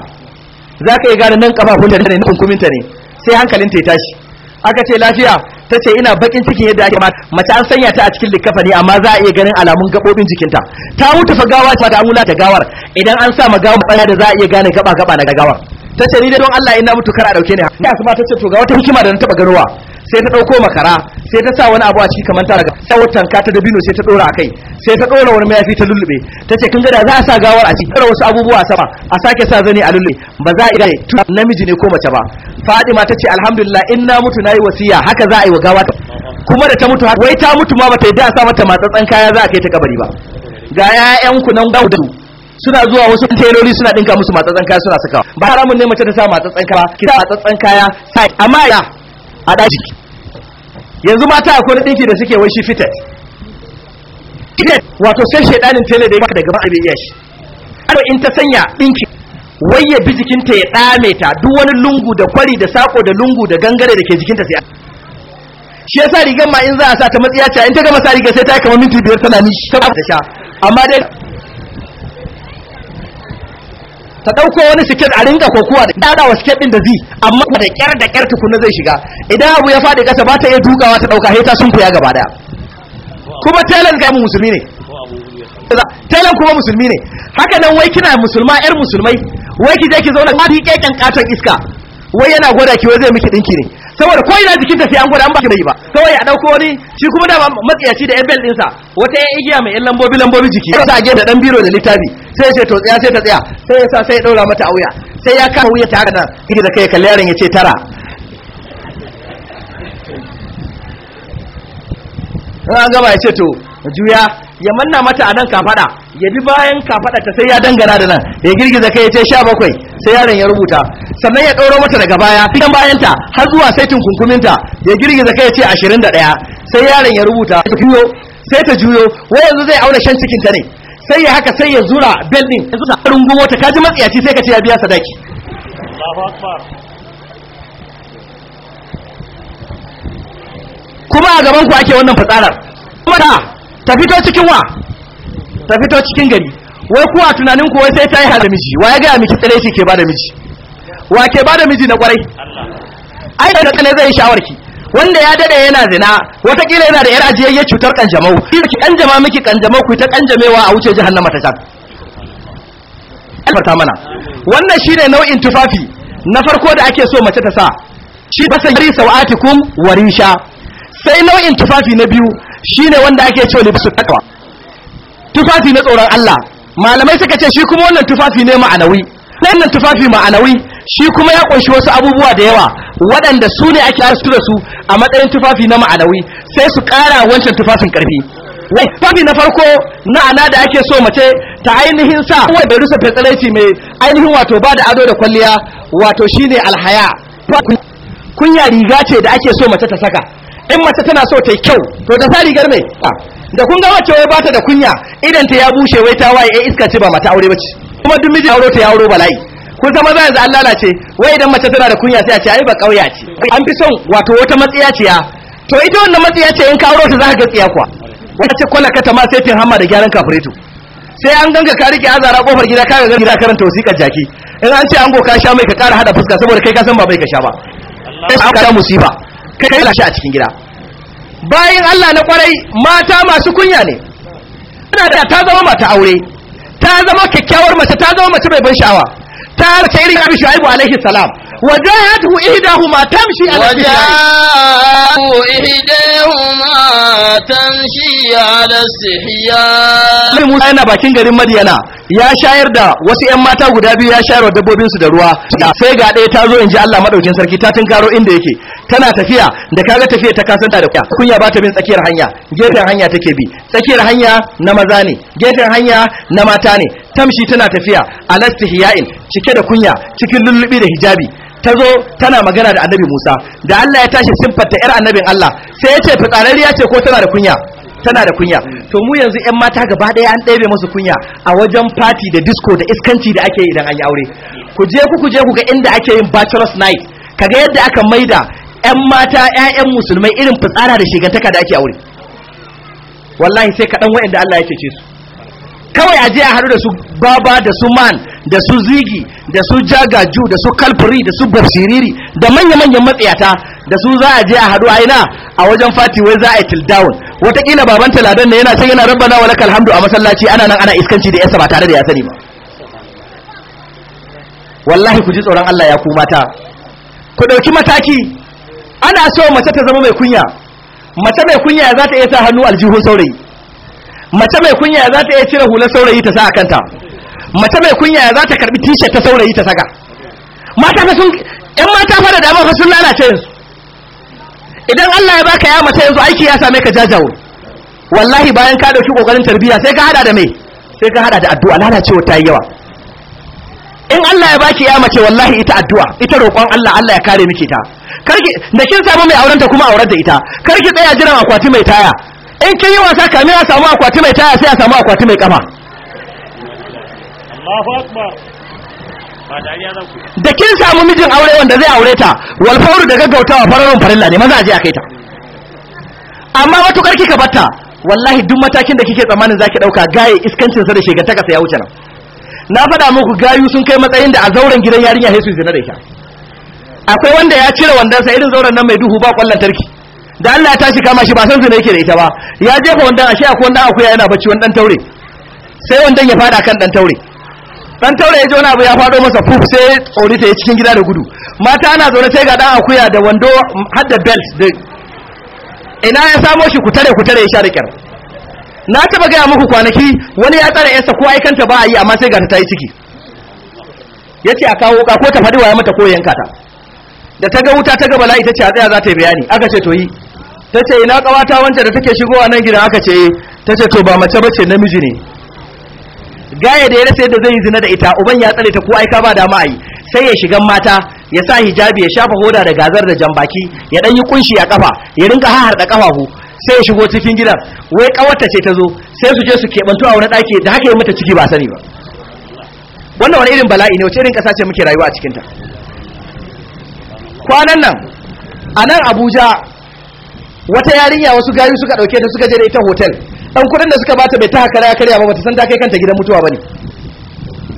zaka iya gane nan kafafun da ne kunkuminta ne sai hankalinta ya tashi aka ce lafiya ta ce ina bakin cikin yadda ake mace an sanya ta a cikin ne amma za a iya ganin alamun gabobin jikinta ta mutu fa gawa ta ta mula ta gawar idan an sa magawa matsaya da za a iya gane gaba gaba na gawar ta ce ni dai don Allah ina mutu kar a dauke ni da asuba ta ce to ga wata hikima da na taba ganowa sai ta ɗauko makara sai ta sa wani abu a ciki kamar ta raga sai wata tanka ta dabino sai ta ɗora a kai sai ta ɗora wani mayafi ta lullube ta ce kin gada za a sa gawar a ciki ɗora wasu abubuwa sama a sake sa zane a lullube ba za a iya tun namiji ne ko mace ba fadima ta ce alhamdulillah in na mutu na yi wasiya haka za a yi wa gawa kuma da ta mutu wai ta mutu ma bata yi da sa mata matsatsan kaya za a kai ta kabari ba ga 'ya'yanku nan gaudu suna zuwa wasu teloli suna dinka musu matsatsan kaya suna sakawa ba haramun ne mace ta sa matsatsan kaya kira matsatsan kaya sai amma ya a ɗaki yanzu mata akwai na ɗinki da suke wai shi fitet fitet wato sai shaidanin tele da ya maka daga gaba abin yashi ado in ta sanya ɗinki wai ya bi jikinta ya ɗame ta duk wani lungu da kwari da sako da lungu da gangare da ke jikinta sai shi yasa rigar ma in za a sa ta matsiya ta in ta gama sa rigar sai ta yi kamar minti biyar tana nishi ta ba ta sha amma dai ta ɗauko wani siket a ringa kokuwa da dadawa siket din da zi amma da kyar da kyar tukuna zai shiga idan abu ya faɗi kasa ba ta iya dukawa ta dauka heta sun kuya gaba daya kuma telan ga mu musulmi ne telan kuma musulmi ne haka nan wai kina musulma yar musulmai wai ki je ki zauna ma bi keken katon iska wai yana gwada ki wai zai miki dinki ne saboda ko ina jikinta sai an gwada an ba ki bai ba kawai ya dauko wani shi kuma da matsiyaci da ebel dinsa wata ya igiya mai yan lambobi lambobi jiki sai ta da dan biro da littafi sai sai to tsaya sai ta tsaya sai ya sa sai ya daura mata a wuya sai ya kama wuya ta haka nan kike da kai kalle yaron ya ce tara an gaba ya ce to juya ya manna mata a nan kafada ya bi bayan kafada ta sai ya dangana da nan ya girgiza kai ya ce sha bakwai sai yaron ya rubuta sannan ya ɗauro mata daga baya fitan bayanta har zuwa saitin kunkuminta ya girgiza kai ya ce ashirin da ɗaya sai yaron ya rubuta sai ta juyo wai yanzu zai auna shan cikinta ne sai ya haka sai ya zura belin ɗin yanzu ta rungumo ta kaji matsiyaci sai ka ce ya biya sadaki kuma a gaban ku ake wannan fitsarar kuma ta fito cikin wa ta fito cikin gari wai kuwa tunanin kuwa wai sai ta yi hada miji wa ya gaya miki tsare shi ke bada miji wa ke bada miji na kwarai ai da tsare zai yi shawarki wanda ya dade yana zina watakila yana da yar ajiyayye cutar kanjamau ki kanjama miki kanjamau ku ta kanjamewa a wuce jahannama ta can alfarta mana wannan shine nau'in tufafi na farko da ake so mace ta sa shi ba sai yari sawatikum warisha sai nau'in tufafi na biyu shine wanda ake cewa libsu takwa tufafi na tsoron Allah malamai suka ce shi kuma wannan tufafi ne ma'anawi wannan tufafi ma'anawi shi kuma ya kunshi wasu abubuwa da yawa waɗanda su ne ake harsu da su a matsayin tufafi na ma'anawi sai su ƙara wancan tufafin ƙarfi Wai tufafi na farko na ana da ake so mace ta ainihin sa wai bai rusa fetsaraici mai ainihin wato ba da ado da kwalliya wato shine alhaya kunya riga ce da ake so mace ta saka in mace tana so ta yi kyau to ta sa rigar mai da kun ga wacce wai bata da kunya idan ta ya bushe wai ta waye eh iska ce ba mata aure bace kuma duk miji aure ta ya aure bala'i kun san maza yanzu an lalace wai idan mace tana da kunya sai a ce ai ba kauya ce an fi son wato wata matsiyaciya to ita wannan matsiyaciya in ka aure ta za ka ga tsiya kuwa wata ce kwala ta ma sai tin hamma da gyaran kafureto sai an ganga ka rike azara kofar gida ka ga gida karanta wasiƙar jaki in an ce an go ka sha mai ka ƙara hada fuska saboda kai ka san ba bai ka sha ba sai ka musiba kai ka lashe a cikin gida bayan Allah na kwarai mata masu kunya ne tana da ta zama mata aure ta zama kyakkyawar mace ta zama mace bai ban sha'awa ta harka irin abin shu'aibu alaihi salam وجاءته إحداهما تمشي على وجاء Annabi Musa yana bakin garin Madiyana ya shayar da wasu ƴan mata guda biyu ya shayar da dabbobin su da ruwa sai ga ɗaya ta zo in ji Allah madaukin sarki ta tunkaro inda yake tana tafiya da kaga tafiya ta kasanta da kunya ba ta bin tsakiyar hanya gefen hanya take bi tsakiyar hanya na maza ne gefen hanya na mata ne tamshi tana tafiya a alastihiya'in cike da kunya cikin lullubi da hijabi ta zo tana magana da annabi Musa da Allah ya tashi simfata 'yar annabin Allah sai ya ce fitsararriya ce ko tana da kunya tana da kunya mm. to mu yanzu yan mata gaba daya an ɗebe masu kunya a wajen party da disco da iskanci da ake yi idan an yi aure ku je ku ku je ku ga inda ake yin bachelor's night kaga yadda aka maida yan mata ƴaƴan musulmai irin fitsara da shigantaka da ake aure wallahi sai kaɗan waɗanda Allah ya cece su kawai aje a haɗu da su baba da su man da su zigi da su jagaju da su kalfuri da su bafsiriri da manya-manyan matsayata da su za a je a haɗu aina a wajen fati wai za a yi tildawun watakila baban taladan ne yana sai yana rabbana wa lakal hamdu a masallaci ana nan ana iskanci da yasa ba tare da ya sani ba wallahi ku ji tsoron Allah ya ku mata ku ɗauki mataki ana so mace ta zama mai kunya mace mai kunya za ta iya sa hannu aljihun saurayi mace mai kunya za ta iya cire hular saurayi ta sa a kanta mace mai kunya za ta karbi t-shirt ta saurayi ta saka mata fa sun yan mata fa da dama fa sun lalace yanzu idan Allah ya baka ya mace yanzu aiki ya same ka jajawo wallahi bayan ka dauki kokarin tarbiyya sai ka hada da mai sai ka hada da addu'a lalacewa ta yi yawa in Allah ya baki ya mace wallahi ita addu'a ita roƙon Allah Allah ya kare miki ta karki da kin samu mai ta kuma aurar da ita karki tsaya jiran akwati mai taya in kin yi wasa kamin a samu akwati mai taya sai a samu akwati mai kafa da kin samu mijin aure wanda zai aure ta walfauru da gaggautawa fararon farilla ne maza a je a kai ta amma matukar kika batta wallahi duk matakin da kike tsammanin zaki dauka gaye iskancin sa da shegantaka sai ya wuce nan na faɗa muku gayu sun kai matsayin da a zauren gidan yarinya sai su zina da ita akwai wanda ya cire wandan irin zauren nan mai duhu ba kwallon tarki da Allah ya tashi kama shi ba san zina yake da ita ba ya jefa wanda ashe akwai wanda akuya yana bacci wani dan taure sai wandan ya fada kan dan taure dan taure ya ji wani abu ya fado masa fuf sai tsori ta cikin gida da gudu mata ana zaune sai ga dan akuya da wando har da belt da ina ya samo shi ku tare ku tare ya sha da kyar na taba gaya muku kwanaki wani ya tsara yarsa ko aikanta ba a yi amma sai ga ta yi ciki ya ce a kawo ka ko ta faɗi wa mata ko yanka ta da ta ga wuta ta ga bala'i ta ce a tsaya za ta yi bayani aka ce to yi ta ce ina kawata wancan da take shigowa nan gidan aka ce ta ce to ba mace ba ce namiji ne gaya da ya rasa yadda zai yi zina da ita uban ya tsare ta ko aika ba dama yi sai ya shigan mata ya sa hijabi ya shafa hoda da gazar da jambaki ya dan yi kunshi a kafa ya rinka har da kafafu sai ya shigo cikin gidan wai kawarta ce ta zo sai su je su kebantu a wani daki da haka ya mata ciki ba sani ba wannan wani irin bala'i ne wace irin kasa ce muke rayuwa a cikin ta kwanan nan a nan abuja wata yarinya wasu gari suka dauke ta suka je da ita hotel dan kudin da suka bata bai ta hakara ya karya ba bata san ta kai kanta gidan mutuwa bane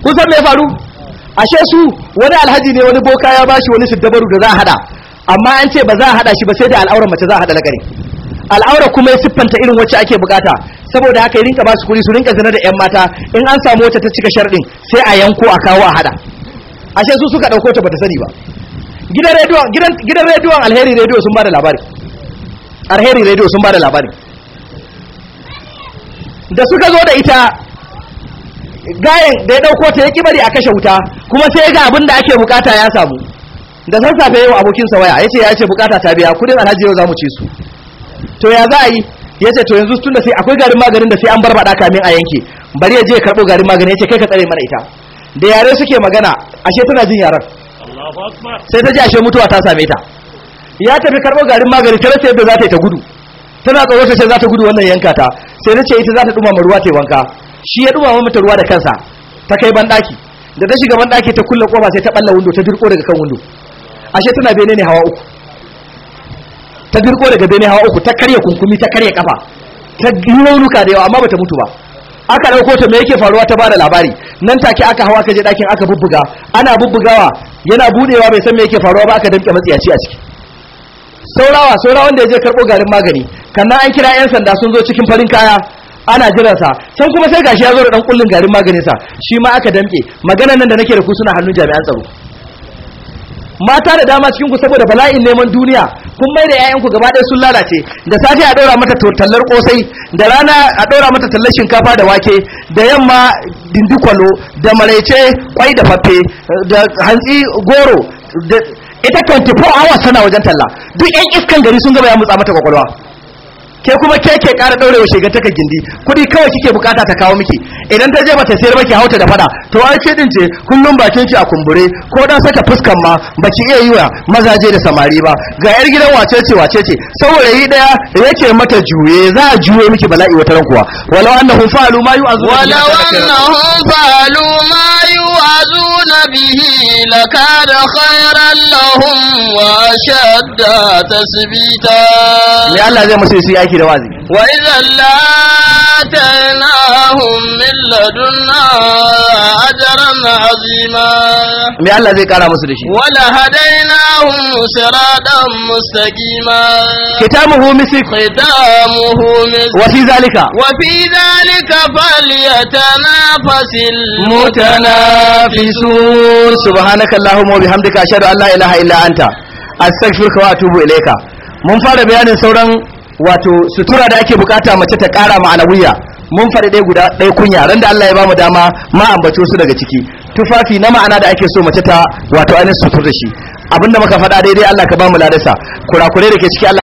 kun san me ya faru ashe su wani alhaji ne wani boka ya bashi wani siddabaru da za a hada amma an ce ba za a hada shi ba sai da al'aurar mace za a hada lagari al'aura kuma ya siffanta irin wacce ake bukata saboda haka ya rinka ba su kuri su rinka zina da yan mata in an samu wacce ta cika sharɗin sai a yanko a kawo a hada ashe su suka ɗauko ta bata sani ba gidan rediyon alheri rediyo sun ba da labari alheri radio sun ba da labari da suka zo da ita gayan da ya ɗauko ta ya bari a kashe wuta kuma sai ga abin da ake bukata ya samu da safe yau abokinsa waya ya ce ya ce bukata ta biya kudin alhaji yau za mu ci su to ya za a yi ya ce to yanzu tun da sai akwai garin maganin da sai an barbaɗa kamin a yanke bari ya je ya karɓo garin maganin ya ce kai ka tsare mana ita da yare suke magana ashe tana jin yaren sai ta ji ashe mutuwa ta same ta ya tafi karɓar garin magani ta rasa yadda za ta yi ta gudu tana tsoro ta ce za ta gudu wannan yanka ta sai ta ce ita za ta dumama ruwa ta wanka shi ya dumama mata ruwa da kansa ta kai banɗaki da ta shiga banɗaki ta kulle ƙofa sai ta ɓalla windo ta dirko daga kan windo ashe tana bene ne hawa uku ta dirko daga bene hawa uku ta karya kunkumi ta karya kafa ta raunuka da yawa amma bata mutu ba aka ɗauko ta me yake faruwa ta bada labari nan take aka hawa ka je ɗakin aka bubbuga ana bubbugawa yana buɗewa bai san me yake faruwa ba aka damke matsiyaci a ciki saurawa saurawa wanda ya je karɓo garin magani kannan an kira 'yan sanda sun zo cikin farin kaya ana jiransa can kuma sai gashi ya zo da ɗan kullun garin maganinsa shi ma aka damke maganar nan da nake da ku suna hannun jami'an tsaro mata da dama cikin ku saboda bala'in neman duniya kun mai da ƴaƴanku gaba ɗaya sun lalace da safe a ɗora mata tallar kosai da rana a ɗora mata tallar shinkafa da wake da yamma dindikwalo da maraice kwai da faffe da hantsi goro ita 24 hours tana wajen talla duk yan iskan gari sun gaba ya mutsa mata kwakwalwa ke kuma ke ke ƙara ɗaurewa ka gindi kuɗi kawai kike bukata ta kawo miki idan ta je bata sayar ba ki hauta da fada to an ce din ce kullum bakin ki a kumbure ko dan saka fuskan ma ba ki iya yi wa mazaje da samari ba ga yar gidan wace ce wace ce saboda yi daya yake mata juye za a juye miki bala'i wata ran kuwa walau annahu fa'alu ma yu'azuna walau annahum fa'alu ma yu'azuna bi به لكان خيرا لهم وأشد تثبيتا لألا زي مسيسي أيكي دوازي وإذا لاتيناهم من لدنا أجرا عظيما لألا زي كان مسيسي ولهديناهم صراطا مستقيما ختامه مسك ختامه مسك وفي ذلك وفي ذلك فليتنافس المتنافسون allahumma wa bihamdika ashhadu an la ilaha illa anta astaghfiruka wa atubu ilayka mun fara bayanin sauran wato sutura da ake bukata mace ta kara ma'anawiya mun fara ɗaya guda ɗaya kunya ran da Allah ya bamu dama ma ambace su daga ciki tufafi na ma'ana da ake so mace ta wato ainihin sutur da shi abinda muka faɗa daidai Allah ka bamu ladarsa kurakure da ke ciki Allah